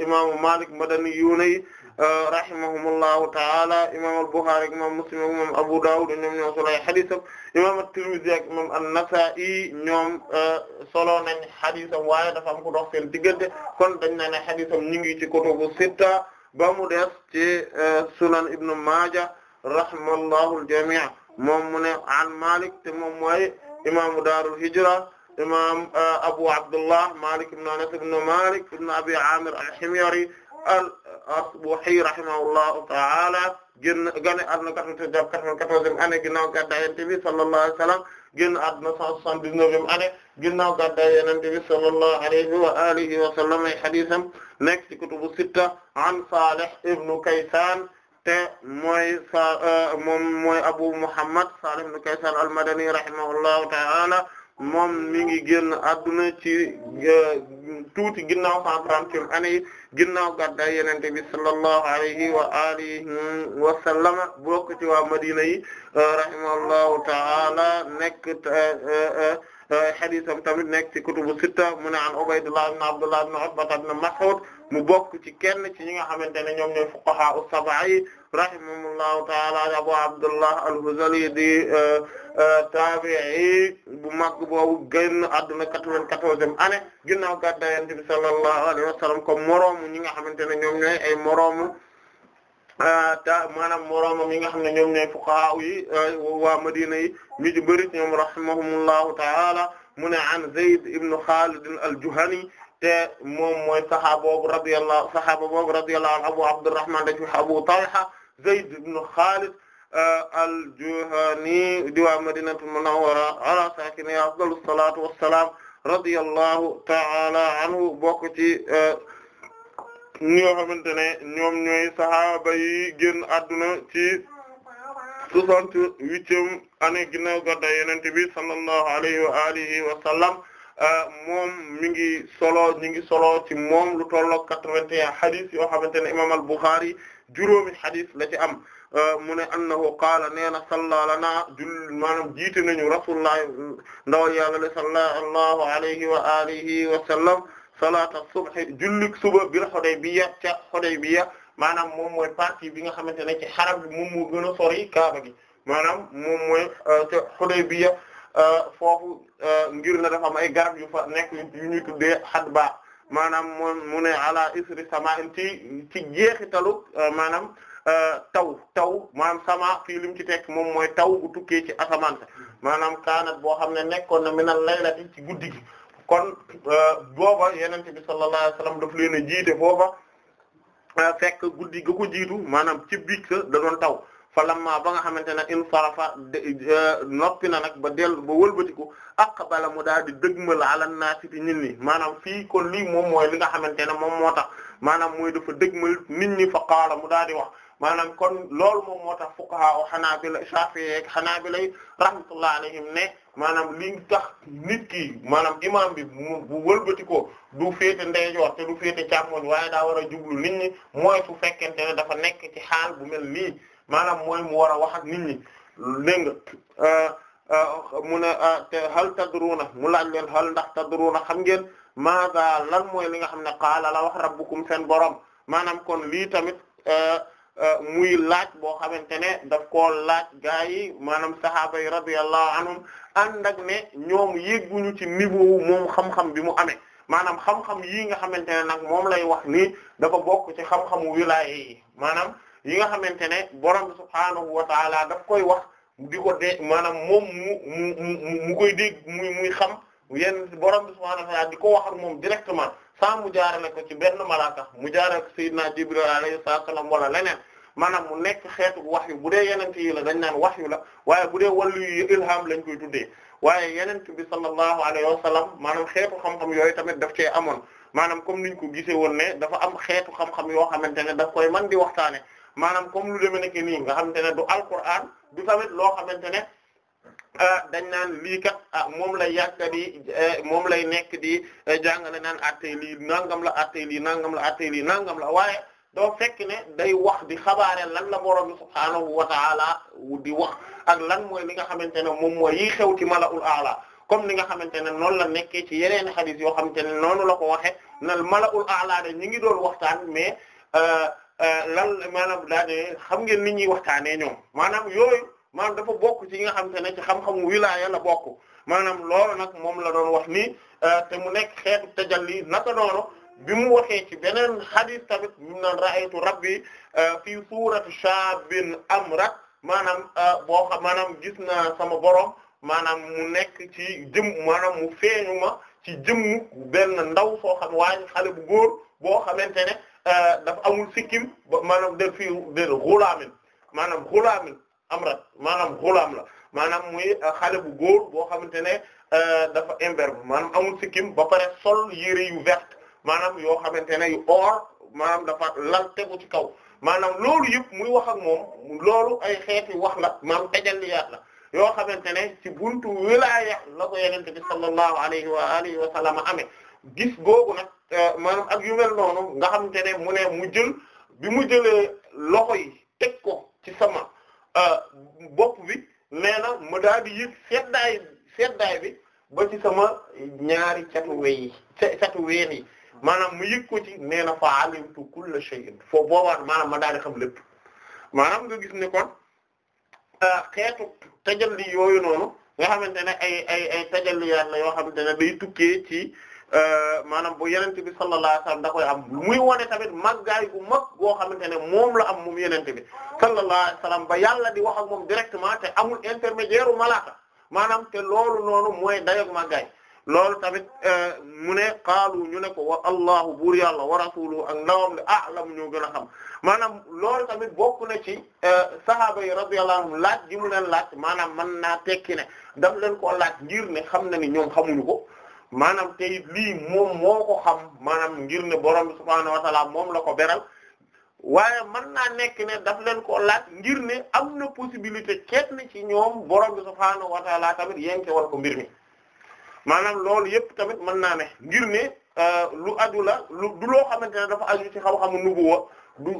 imaamu Maalik Madani yuuna yi rahimahumullahu ta'ala imam al-Bukhari ak imam Muslim ak imam Abu Dawud ñoom ñoo solo ay xadisam imam at-Tirmidhi ak imam an-Nasa'i ñoom euh, solo nañ xadisam waaye dafa am ko dox seen diggante kon dañ na ne xadisam ñu ngi ci kutubu sitta ba mu des ci euh, sunan Ibn Maaja rahimallahu al-jami' moom mu ne an Malik te moom mooy imaamu daarul hijra imam euh, Abu Abdullah Malik ibn Anas ibn Malik ibn Abi Amir al-Himyari al-Asbahi rahimahullahu ta'ala génn gane àdduna 94e année ginnaaw gàddaay Yonent bi sallallahu alayhi wa sallam génn àdduna 179e année ginnaaw gàddaay Yonent bi sallallahu alayhi wa alihi wa sallam ay hadiisam nekk ci kutubu sitta an Salih ibn Kaysan te mooy sa euh, moom mooy Abu Muhammad Salih ibn Kaysan al-Madani rahimahullahu ta'ala moom mi ngi génn adduna ci euh, tuuti ginnaaw cent trentième année yi ginnaaw gàddaay yenente bi sallallahu alayhi wa alihi wa sallama bokk ci waa madina yi euh, rahimahullahu ta'ala nekk euh, hadisam tamit nekk ci kutubu sitta mu ne an Ubaydullah ibn Abdullah ibn Utba ibn Mas'ud mu bokk ci kenn ci ñi nga xamante ne ñoom ñooy fuqaha as-sab'a yi rahimahumullahu ta'ala Abu Abdullah al-Huzali di eh, eh, tabi'i bu mag boobu génn àdduna 94e année ginnaaw gàddaay Yonent bi sallallahu alayhi wa sallam comme moroomu ñi nga xamante ne ñoom ñooy ay eh, ta maanaam moroomam yi nga xam ne ñoom ñooy fuqaha yi waa Madina yi ñu ci bëri ñoom rahimahumullahu ta'ala mu ne an Zayd ibn Khalid al te moom mooy saxaaba boobu radiyallahu saxaaba boobu radiyallahu anhu Abu Abdurrahman dañ fi Abu Talha Zayd ibn Khalid uh, al-Juhani di waa Madinatul Munawwara ala saakinihaa afdalu salaatu wa salaam radiyallahu ta'ala anhu bokk ci uh, ñoo xamante ne ñoom ñooy saxaaba yi génn adduna ci soixante-huitième année ginnaaw gàddaay Yonent bi sallallahu alayhi wa alihi Euh, moom mi ngi solo ñu ngi solo ci moom lu tolloog quatre-vingt-un hadith yoo xamante ne imam al-Bukhari juróomi hadith la ci am euh, mu ne annahu qaala nee na salla lanaa jull maanaam jiite nañu rasulullah ndawal yàlla le sallallahu alayhi wa alihi wa sallam salaata subhi jullik suba bil Hudaybiya ca Hudaybiya maanaam moom mooy partie bi nga xamante ne ci xarab bi moom moo gën a sori kaaba gi maanaam moom mooy euh, ca Hudaybiya Euh, foofu euh, ngir na dafa am ay garab yu fa nekk yu ñuy tuddee xadba maanaam moom mu ne ala isri sama in ci ci talu euh, maanaam taw taw maanaam sama fii lim ci tekk moom mooy taw bu tukkee ci asamaan maanaam kaanat boo xam ne nekkoon na minal laylati ci guddi gi kon booba yenente bi sallallahu alayhi wasallam daf a jiite foofa fekk guddi ga ko jiitu maanaam ci biig sa da doon taw fa lamma ba nga xamante ne insarafa euh, noppi na nag ba dellu ba wëlbatiku bala mu daal di dëgmal ala naasi ci nit ñi maanaam fii kon lii moom mooy li nga xamante ne moom moo tax maanaam mooy dafa dëgmal nit ñi fa qaala mu daal di wax maanaam kon lool moom moo tax fuqaha o xanaabila shafi'i ak xanaabila rahmatullah alayhim ne maanaam li tax nit ki maanaam imam bi bu wëlbatikoo du féete ndeyjoor te du féete càmmoñ waaye daa war a jublu nit ñi mooy su fekkente ne dafa nekk ci xaal bu mel nii maanaam mooy mu war a wax ak nit ñi dégg nga euh, euh, mu ne euh, te hal mu laaj leen hal ndax tadruuna xam ngeen maada lan mooy li nga xam ne qaala la wax rabbukum seen borom maanaam kon lii tamit muy laaj boo xamante ne daf koo laaj gaa yi maanaam sahaaba yi radiyallahu anhum ànd ak ne ñoom yégguñu ci niveau moom xam-xam bi mu amee maanaam xam-xam yii nga xamante ne nag moom lay wax nii dafa bokk ci xam-xamu wilaya yi maanaam yi nga xamante ne borom subhaanahu wa taala daf koy wax di ko dee maanaam moom mu mu koy dégg muy muy xam yenn borom subhaanahu wa taala di ko wax ak moom directement sax mu jaarale ko ci benn malaaka mu jaarale ko sayyidina Jibril alayhi salaam wala leneen maanaam mu nekk xeetu wax yu bu dee yenent yi la dañ naan wax yu la waaye bu dee wàllu yu ilham lañ koy tuddee waaye yenent bi sallallahu alayhi wa sallam maanaam xeetu xam-xam yooyu tamit daf cee amoon maanaam comme niñ ko gisee woon ne dafa am xeetu xam yoo xamante ne daf koy man di waxtaane maanaam comme lu demee nekk nii nga xam xamante ne du alquran di tamit loo xamante ne ah, dañ naan lii kat ah, moom lay yàgg di eh, moom lay nekk di eh, jàngale naan attey lii nangam la attey lii nangam la attey lii nangam la waaye doo fekk ne day wax di xabaare lan la borom bi subhaanahu wa taala di wax ak lan mooy li nga xamante ne moom mooy yi xew ci malaul aala comme ni nga xamante ne noonu la nekkee ci yeneen xadis yo xamante ne noonu la ko waxe na malaul aala de ñi ngi doon waxtaan mais eh, Euh, lan maanaam daañu xam ngeen nit ñuy waxtaanee ñoom maanaam yooy maanaam dafa bokk ci yi nga xam te ne ci xam-xamu wilaaya la bokk maanaam loolu nag moom la doon wax nii euh, te mu nekk xeetu tajalli naka noonu bi mu waxee ci beneen xadis tamit bi mu naan ra'aytu rabbi euh, fii suurati shaabin amrat maanaam boo xam gis naa sama borom maanaam mu nekk ci jëm maanaam mu feeñu ma ci jëmmu benn ndaw soo xam waaye xale bu góor boo xamante ne. Euh, dafa amul sikkim ba del fi fii dé xulaamin maanaam xulaamin amrat maanaam xulaam la maanaam muy euh, xale bu góor boo xamante ne euh, dafa imberbe maanaam amul sikkim ba pare sol yére yu vert maanaam yoo xamante ne yu or maanaam dafa lal tegu ci kaw maanaam loolu yëpp muy wax ak moom loolu ay xeet yu wax la maanaam tajalliyaat la yoo xamante ne ci buntu wilaaya la ko yenente bi sallallahu alayhi wa alihi wa sallam amee gis googu nag euh, maanaam ak yu mel noonu nga xam ne mu ne mu jël bi mu jëlee loxo yi teg ko ci sama euh, bopp wi nee na mu daal di bi ba ci sama ñaari catu wey yi catu ween yi maanaam mu yëg ko ci nee na fa alimtu kulla shay'in foofu boobaa ma daal xam lépp maanaam nga gis ne kon euh, xeetu tajalli yooyu noonu nga xamante ne ay ay ay tajalli la yoo xamante ne day tukkee ci. Euh, maanaam bu yenente bi sallallahu alayhi wasallam da koy am muy wone tamit màggaay bu mag boo xamante ne moom la am moom yenente bi sallallahu alayhi wasallam ba yàlla di wax ak moom directement te amul intermédiaire u malaaka maanaam te loolu noonu mooy dayoog màggaay loolu tamit euh, mu ne qaalu ñu ne ko wa allahu buur yàlla wa rasuluhu ak ndawam le a'lam ñoo gën a xam maanaam loolu tamit bokk na ci euh, sahaaba yi radiyallahu anhum laaj ji mu leen laaj maanaam man naa tekki ne daf leen ko laaj ngir ne xam na ni ñoom xamuñu ko maanaam te lii moom moo ko xam maanaam ngir ne borom bi subhaanahu wa moom la ko beral waaye mën naa nekk ne daf leen ko laaj ngir ne am na possibilité kenn ci ñoom borom bi subhaanahu wa tamit yenke wal ko mbir mi maanaam loolu yëpp tamit mën naa ne ngir ne euh, lu aju la lu du loo xamante ne dafa aju ci xam-xamu nubuwa du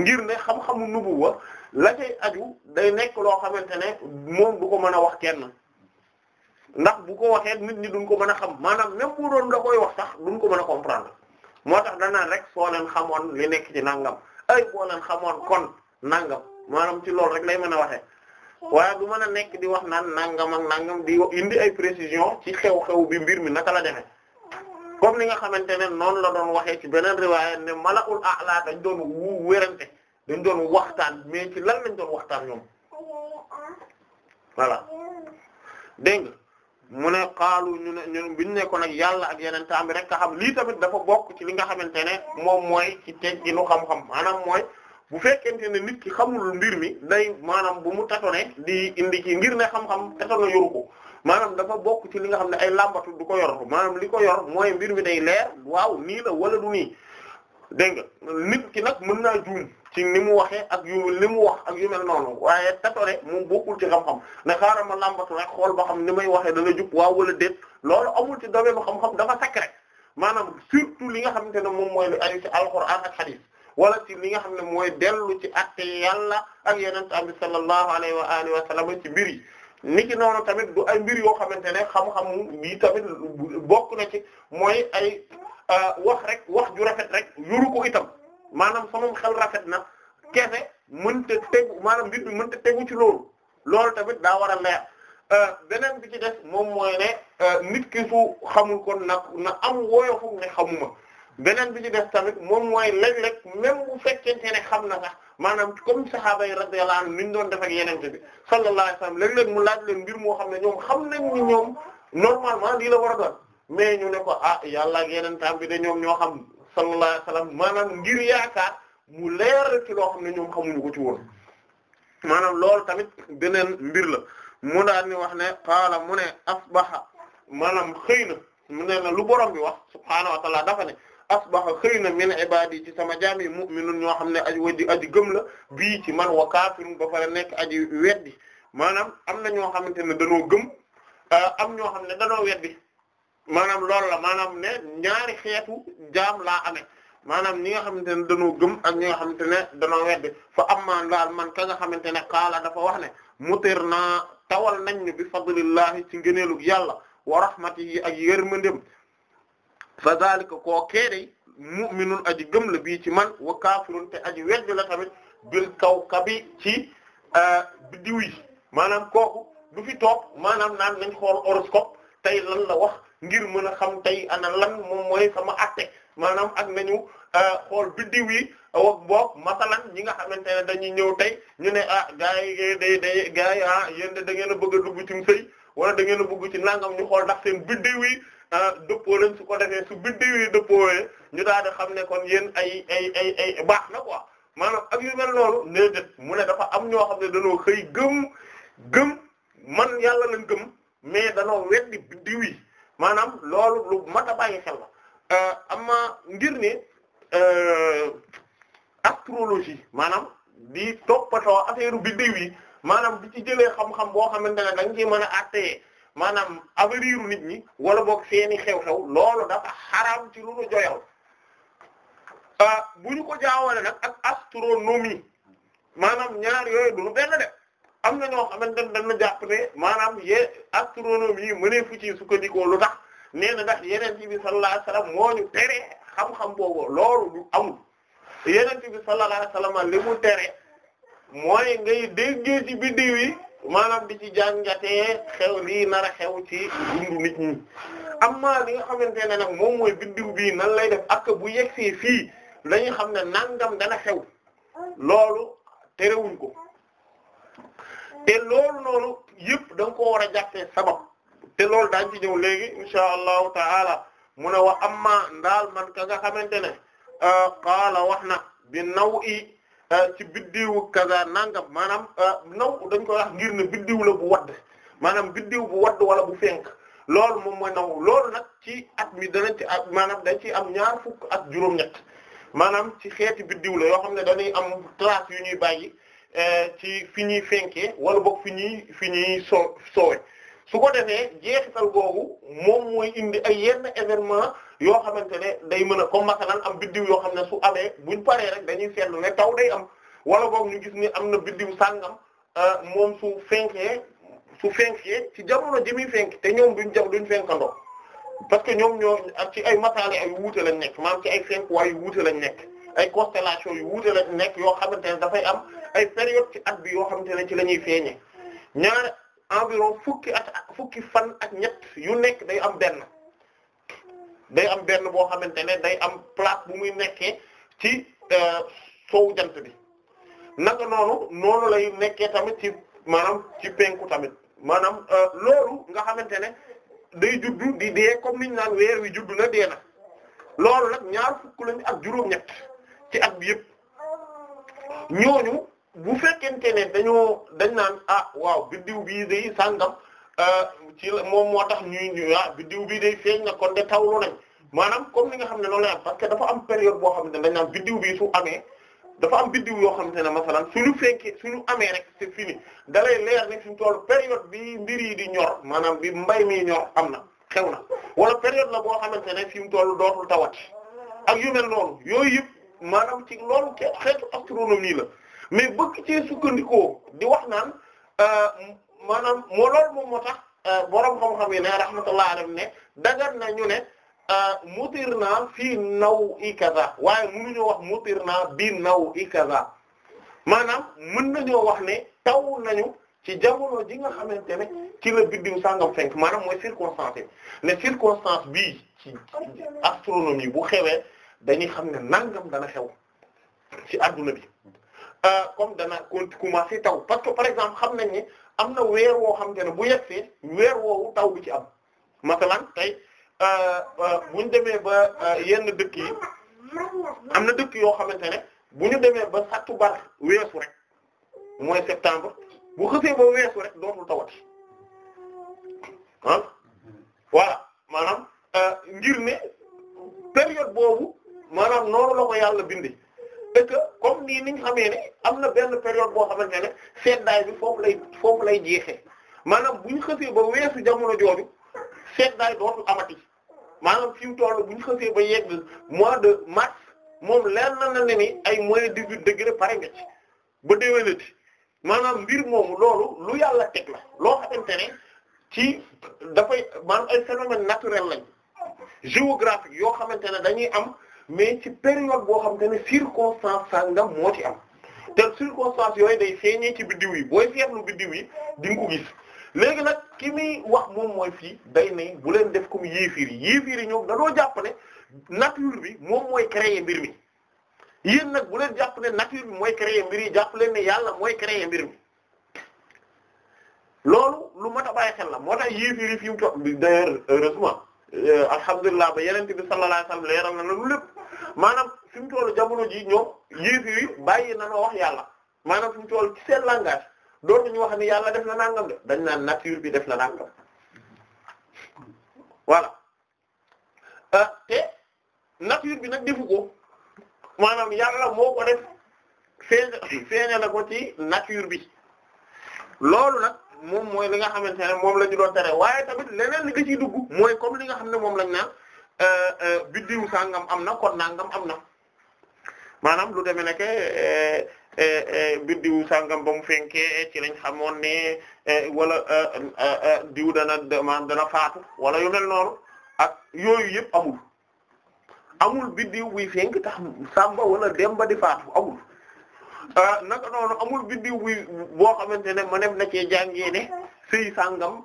ngir ne xam-xamu nubuwa la cay aju day nekk loo xamante ne moom du ko mën a wax kenn ndax bu ko waxee nit ñi duñ ko mën a xam maanaam même bu doon da koy wax sax duñ ko mën a comprendre moo tax danaan rek soo leen xamoon li nekk ci nangam ay boo leen xamoon kon nangam maanaam ci loolu rek lay mën a waxe waaye du mën a nekk di wax naan nangam ak nangam di indi ay précision ci xew-xew bi mbir mi naka la demee comme ni nga xamante ne noonu la doon waxee ci beneen riwaaya ne malakul a'la dañ doon wu wérante dañ doon waxtaan mais ci lan lañ doon waxtaan ñoom mu ne xaalu ñu ne ñun biñu ne ko nag yàlla ak yeneen taam bi rek ka xam lii tamit dafa bokk ci li nga xamante ne moom mooy ci tegginu xam-xam maanaam mooy bu fekkente ne nit ki xamul mbir mi day maanaam bu mu tatone di indi ci ngir ne xam-xam tatone yoru ko maanaam dafa bokk ci li nga xam ne ay làmbatu du ko yor maanaam li ko yor mooy mbir mi day leer waaw nii la wala du nii dégg nga nit ki nag mën naa juum ci ni mu waxee ak yu li mu wax ak yu noonu waaye tatore moom bokkul ci xam-xam ne xaaral ma làmbatu rek xool ba xam ni may waxee dana jub waaw wala déet loolu amul ci domaine bu xam-xam dafa sakk rek maanaam surtout li nga xamante ne moom mooy lu aju ci wala ci li nga xam ne mooy dellu ci atte yàlla ak yenent am bi sallallahu alayhi wa alihi wa sallam ci mbir yi niki noonu tamit du ay mbir yoo xamante ne xam-xam yi tamit bokk na ci mooy ay Euh, wax rek wax ju rafet rek yoru itam maanaam sama xel rafet na kese mënta tegu maanaam mbir mi mënta tegu ci loolu loolu tamit daa war a leer euh, beneen bi ci def moom mooy ne euh, nit ki su xamul kon na na am woyofu ne xamuma beneen bi ci def moom mooy léeg-léeg même bu fekkente ne xam na sax maanaam comme sahaaba yi radiyallahu anhum niñ doon def ak yenente bi sallallahu alayhi wasallam léeg-léeg mu laaj leen mbir moo xam ne ñoom xam nañ ni ñoom normalement lii la war a doon mais ñu ne ko ah yàlla ak yeneen taam bi de ñoom ñoo xam sallallahu alayhi wasallam maanaam ngir yaakaar mu leer ci loo xam ne ñoom xamuñu ko ci woon maanam lool tamit beneen mbir la mu daan ni wax ne qaala mu ne asbaha maanaam xëy na mu ne na lu borom bi wax subhaanahu wa ta'ala dafa ne asbaha xëy na min ibadi ci sama jaam mu mu'minun ñoo xam ne aji wajji aji gëm la bii ci man wa kaafirun ba pare nekk aji weddi maanaam am na ñoo xamante ne danoo gëm am ñoo xam ne danoo weddi maanaam loolu la maanaam ne ñaari xeetu jaam laa amee maanaam ñi nga xamante ne dañoo gëm ak ñi nga xamante ne dañoo weddi fa ammaan laal man ka nga xamante ne qaala dafa wax ne mutir na tawal nañ ñu bi fadlillahi ci ngëneelug yàlla wa rahmatihi ak yërmandem fa zalika koo keeday mu'minun aji gëm la bii ci man wa kaafirun te aji weddi la tamit bil kawkabi ci euh, biddiw yi maanaam kooku du fi toog maanaam naan nañ xool horoscope tey lan la wax ngir mën a xam tey ana lan moom mooy sama atte maanaam ak nañu euh, xool biddiw yi wax boog masalan ñi nga xamante ne dañuy ñëw tey ñu ne ah gars yi eh, day day gars yi ah yéen da ngeen a bëgg a dugg ci sëy wala da ngeen a bëgg ci nangam ñu xool ndax seen biddiw yi euh, dëppoo lañ su ko defee su biddiw yi dëppoowee ñu daal di xam ne kon yéen ay ay ay ay baax na quoi maanaam ak yu mel loolu déedéet mu ne dafa am ñoo xam ne dañoo xëy gëm gëm man yàlla lañ gëm mais danoo weddi biddiw yi. maanaam loolu lu mat a bàyyi xel la euh, amma ngir ne euh, astrologie maanaam di toppatoo affaire biddiw yi maanaam di ci jëlee xam-xam boo xamante ne da nga ciy mën a attee maanaam aveniru nit ñi wala boog seeni xew-xew loolu dafa xaraam ci lu nu joyal euh, bu ñu ko jaawale nag ak astronomie maanaam ñaar yooyu du lu benn def am na ñoo xamante ne dañu jàpp ne maanaam ye astronomie yi mënee lu tax nee na ndax yeneen bi sallallahu alayhi wasallam tere xam-xam loolu du amul mu tere mooy ngay déggee ci biddiw yi maanaam di ci jàngatee xew nar a xew ci dundu nit li nga ne nag moom mooy biddiw bii nan lay def ak bu yegsee fii la ñu xam ne nangam dana xew loolu terewuñ ko. te loolu noonu yëpp da nga ko war a jàppee sabab te loolu daañ ci ñëw léegi insha allahu taala mu a wa amma ndaal man ka nga xamante ne euh, qaala wax na bi naw i euh, ci biddiwu kaza nangam maanaam euh, naw dañ ko wax ngir ne biddiw la bu wadd maanaam biddiw bu wadd wala bu fenk loolu moom mooy naw loolu nag ci at mi danañ ci at maanaam dañ ci am ñaar fukk ak juróom-ñett maanaam ci xeeti biddiw la yoo xam ne dañuy am trace yu ñuy bàyyi E, ci fi ñuy fenkee wala boog fi ñuy fi ñuy so su ko defee jeexital googu moom mooy indi ay yenn événement yoo xamante ne day mën a comme masalan am biddiw yoo xam ne su amee buñ paree rek dañuy seetlu ne taw day am wala goog ñu gis ni am na biddiw sàngam e, moom su fenkee su fenkee ci jamono ji muy fenk te ñoom duñ jam duñ fenkandoo parce que ñoom ñoo ak ci ay matale ay wuute lañ nekk maanaam ci ay fenkuwaay yu wuute lañ nekk ay constellation yu wuute la nekk yoo xamante ne dafay am ay période ci at bi yoo xamante ne ci lañuy ñuy feeñe ñaar environ fukki at fukki fan ak ñett yu nekk day am benn day am benn boo xamante ne day am place bu muy nekkee ci euh, sowu jant bi naka noonu noonu lay nekkee tamit ci maanaam ci penku tamit maanaam euh, loolu nga xamante ne day juddu di dee comme niñ naan weer wi juddu na dee na loolu nag ñaar fukk lañu ak juróom-ñett ci at bi yëpp ñooñu bu fekkente ne dañoo dañ naan ah waaw biddiw bii day sàngam euh, ci moom moo tax ñuy ñu ah biddiw bii day feeñ na kon de tawlu nañ maanaam comme ni nga xam ne noonu la parce que dafa am période boo xam ne dañ naan biddiw bii su amee dafa am biddiw yoo xam ne masalan suñu fekkee suñu amee rek te fini dalay leer ne fi mu toll période bi mbir yi di ñor maanaam bi mbay mi ñor am na xew na wala période la boo xamante ne fi mu toll dootul maanaam ci loolu te xeetu astronomie la mais bëgg ci sukkandikoo di wax naan euh, maanaam moo loolu moom moo tax euh, borom xam-xam yi ne rahmatullahi alayhi ne dagar na ñu ne euh, mutir naa fii naw i kaza waaye mënuñoo wax mutir naa bi naw i kaza maanaam mën nañoo wax ne taw nañu ci jamono ji nga xamante ne ci la biddiw sàngam fenk maanaam mooy circonstance ne circonstance bii ci astronomie bu xewee dañuy xam ne nangam dana xew ci adduna bi euh, comme dana kon commencé taw parce que par exemple xam nañ ne am na weer woo xam te ne bu yegsee weer woowu taw bi ci am masalan tey euh, euh, bu ñu demee ba yenn dëkk yi am na dëkk yoo xamante ne bu ñu demee ba sattubar weesu rek mooy septembre bu xësee ba weesu rek dootul tawati ah maanaam ngir ne période boobu maanaam noonu la ko yàlla bindi et que comme nii niñ xamee ne am na benn période boo xamante ne seddaay bi foofu lay foofu lay jeexee maanaam bu ñu xësee ba weesu jamono jooju seddaay dootul amati maanaam fi mu toll bu ñu xësee ba yegg mois de mars moom leer na na ne ni ay moins dix-huit degré pare nga ci ba déwénati maanaam mbir moomu loolu lu yàlla teg la loo xamante ne ci dafay maanaam ay phénomène naturel lañ géographique yoo xamante ne dañuy am mais ci période boo xam te ne circonstance sangam moo ci am te circonstance yooyu day feeñee ci biddiw yi booy seetlu biddiw yi di nga gis léegi nag ki mi wax moom mooy fii day ne bu leen def comme yéefiir yi yéefiir yi ñoom dañoo jàpp ne nature bi moom mooy créer mbir mi yéen nag bu leen jàpp ne nature bi mooy créer mbir yi jàpp leen ne yàlla mooy créer mbir mi loolu lu mat a bàyyi xel la moo tax yéefiir yi fi mu to d'ailleurs heureusement euh, alhamdulilah ba yenente na lu lépp maanaam fi mu toll jamono ji ñoom yéefi yi bàyyi nanoo wax yàlla maanaam fi mu toll ci seen langage doon nañu wax ne yàlla def na nangam de dañ naan nature bi def na nangam voilà euh, te nature bi nag defu ko maanaam yàlla moo ko def feeñ feeña ko ci nature bi loolu nag moom mooy li nga xamante ne moom la ñu doon tere waaye tamit leneen li nga ciy dugg mooy comme li nga xam ne moom lañ naan Euh, euh, biddiwu sangam am na kon nangam am na maanaam lu demee nekk eh, eh, eh, biddiwu sangam ba mu fenkee ci lañ xamoon ne wala diw dana maanaam dana faatu wala yu mel noonu ak yooyu yëpp amul amul biddiw buy fenk tax sàmba wala demba di faatu amul euh, naka noonu amul biddiw buy boo xamante ne ma def na cee jàngee ne sëy sangam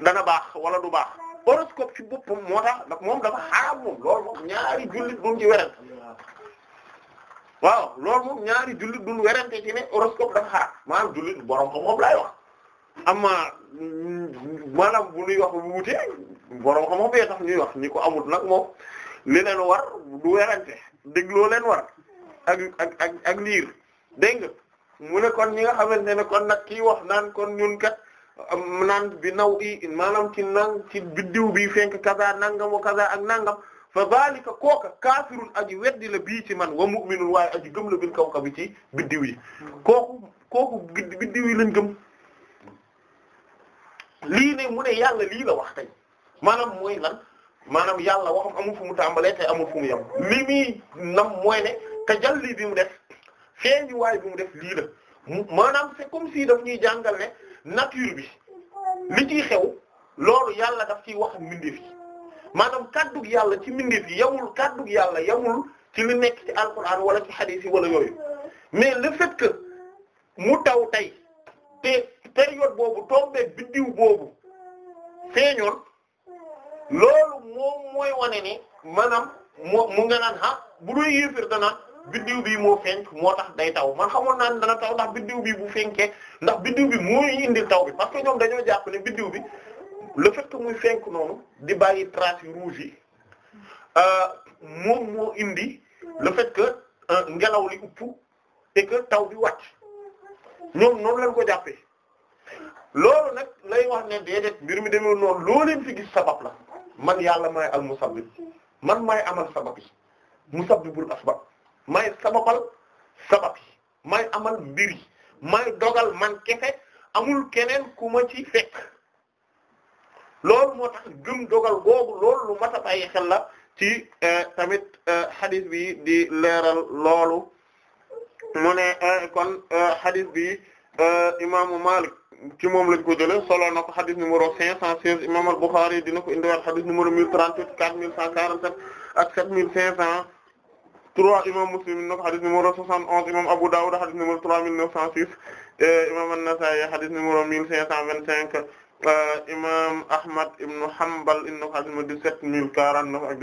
dana baax wala du baax. horoscope ci boppam moo tax moom dafa xaraam moom loolu moom ñaari jullit duñ ci werante waaw loolu moom ñaari jullit duñ werante ci ne horoscope dafa xaraam maanaam jullit borom ko moom laay wax amma maanaam bu ñuy wax bu borom ko moom bee tax ñuy wax ñi ko amut nag moom li leen war du werante dégloo leen war ak liir dégg mu ne kon ñi nga xamante ne kon nag kii wax naan kon ñun kat. naan bi naw i maanaam ci nang ci biddiw bi fenk kaza nangam wa kaza ak nangam fa zalika kooka kaafirun aji weddi la bii ci man wa mu'minun waaye aji gëm la bil kawka bi ci biddiw yi kooku kooku biddiw yi lañ gëm lii ne mu ne yàlla lii la mooy lan maanaam yàlla waxam amul fu mu tàmbalee tay amul fu mu yem li muy nam mooy ne tajalli bi mu def feeñu waay bi mu def lii la maanaam c'est comme si daf ñuy jàngal nature bi li ciy xew loolu yàlla daf ciy wax mbindeef yi maanaam kàddug yàlla ci mbindeef yi yamul kàddug yàlla yamul ci lu nekk ci alquran wala ci hadith yi wala yooyu mais le fait mu taw tey te période boobu tombé biddiw boobu feeñoon loolu moom mooy wane ni maanaam mu nga naan ah bu dul yéefir biddiw bi moo fenk moo tax day taw man xamoon naa ne dana taw ndax biddiw bi bu fenkee ndax biddiw bi mooy indil taw bi parce que ñoom dañoo jàpp bi le fait que muy di bàyyi trace yu rouge yi euh, moom indi le fait euh, ngelaw li upp et que taw bi wàcc ñoom noonu jàppee loolu nag lay wax ne déedéet mbir mi demee noonu loo leen gis sabab la man yàlla maay al musabbib man maay amal sabab yi musabbibul asbab maay sababal sabab yi maay amal mbir yi dogal man kese amul keneen kuma ci fekk loolu moo tax gëm dogal googu loolu lu mat a bàyyi xel la ci euh, tamit hadith euh, bi di leeral loolu mu ne euh, kon hadith bi imaamu Malik ci moom lañ ko jëlee solo na ko hadith numéro 516 imam al-Bukhari dina ko indiwaat hadith numéro 1038 4147 ak 7500. 3 imam Muslim na ko xadis numéro 71 imam Abu Dawud xadis numéro 3906 eh, imam An-Nasa'i xadis numéro 1525 eh, imam Ahmad ibn Hanbal in na ko xadis numéro 17049 ak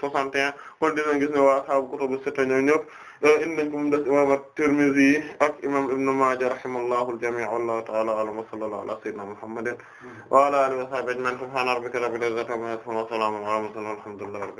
17061 kon dinañ gis ne waa ashaabu kutubu sitta ñoom ñëpp eh, indi nañ ko mu des imam At-Tirmidhi ak imam Ibn Maaja rahimallahu al-jami' wallahu ta'ala a'lam wa sallallahu ala sayyidina Muhammadin wa ala alihi wa sahbihi ajma'in subhana rabbika rabbil izzati amma yasifun wa salamun ala al-mursalin walhamdulillahi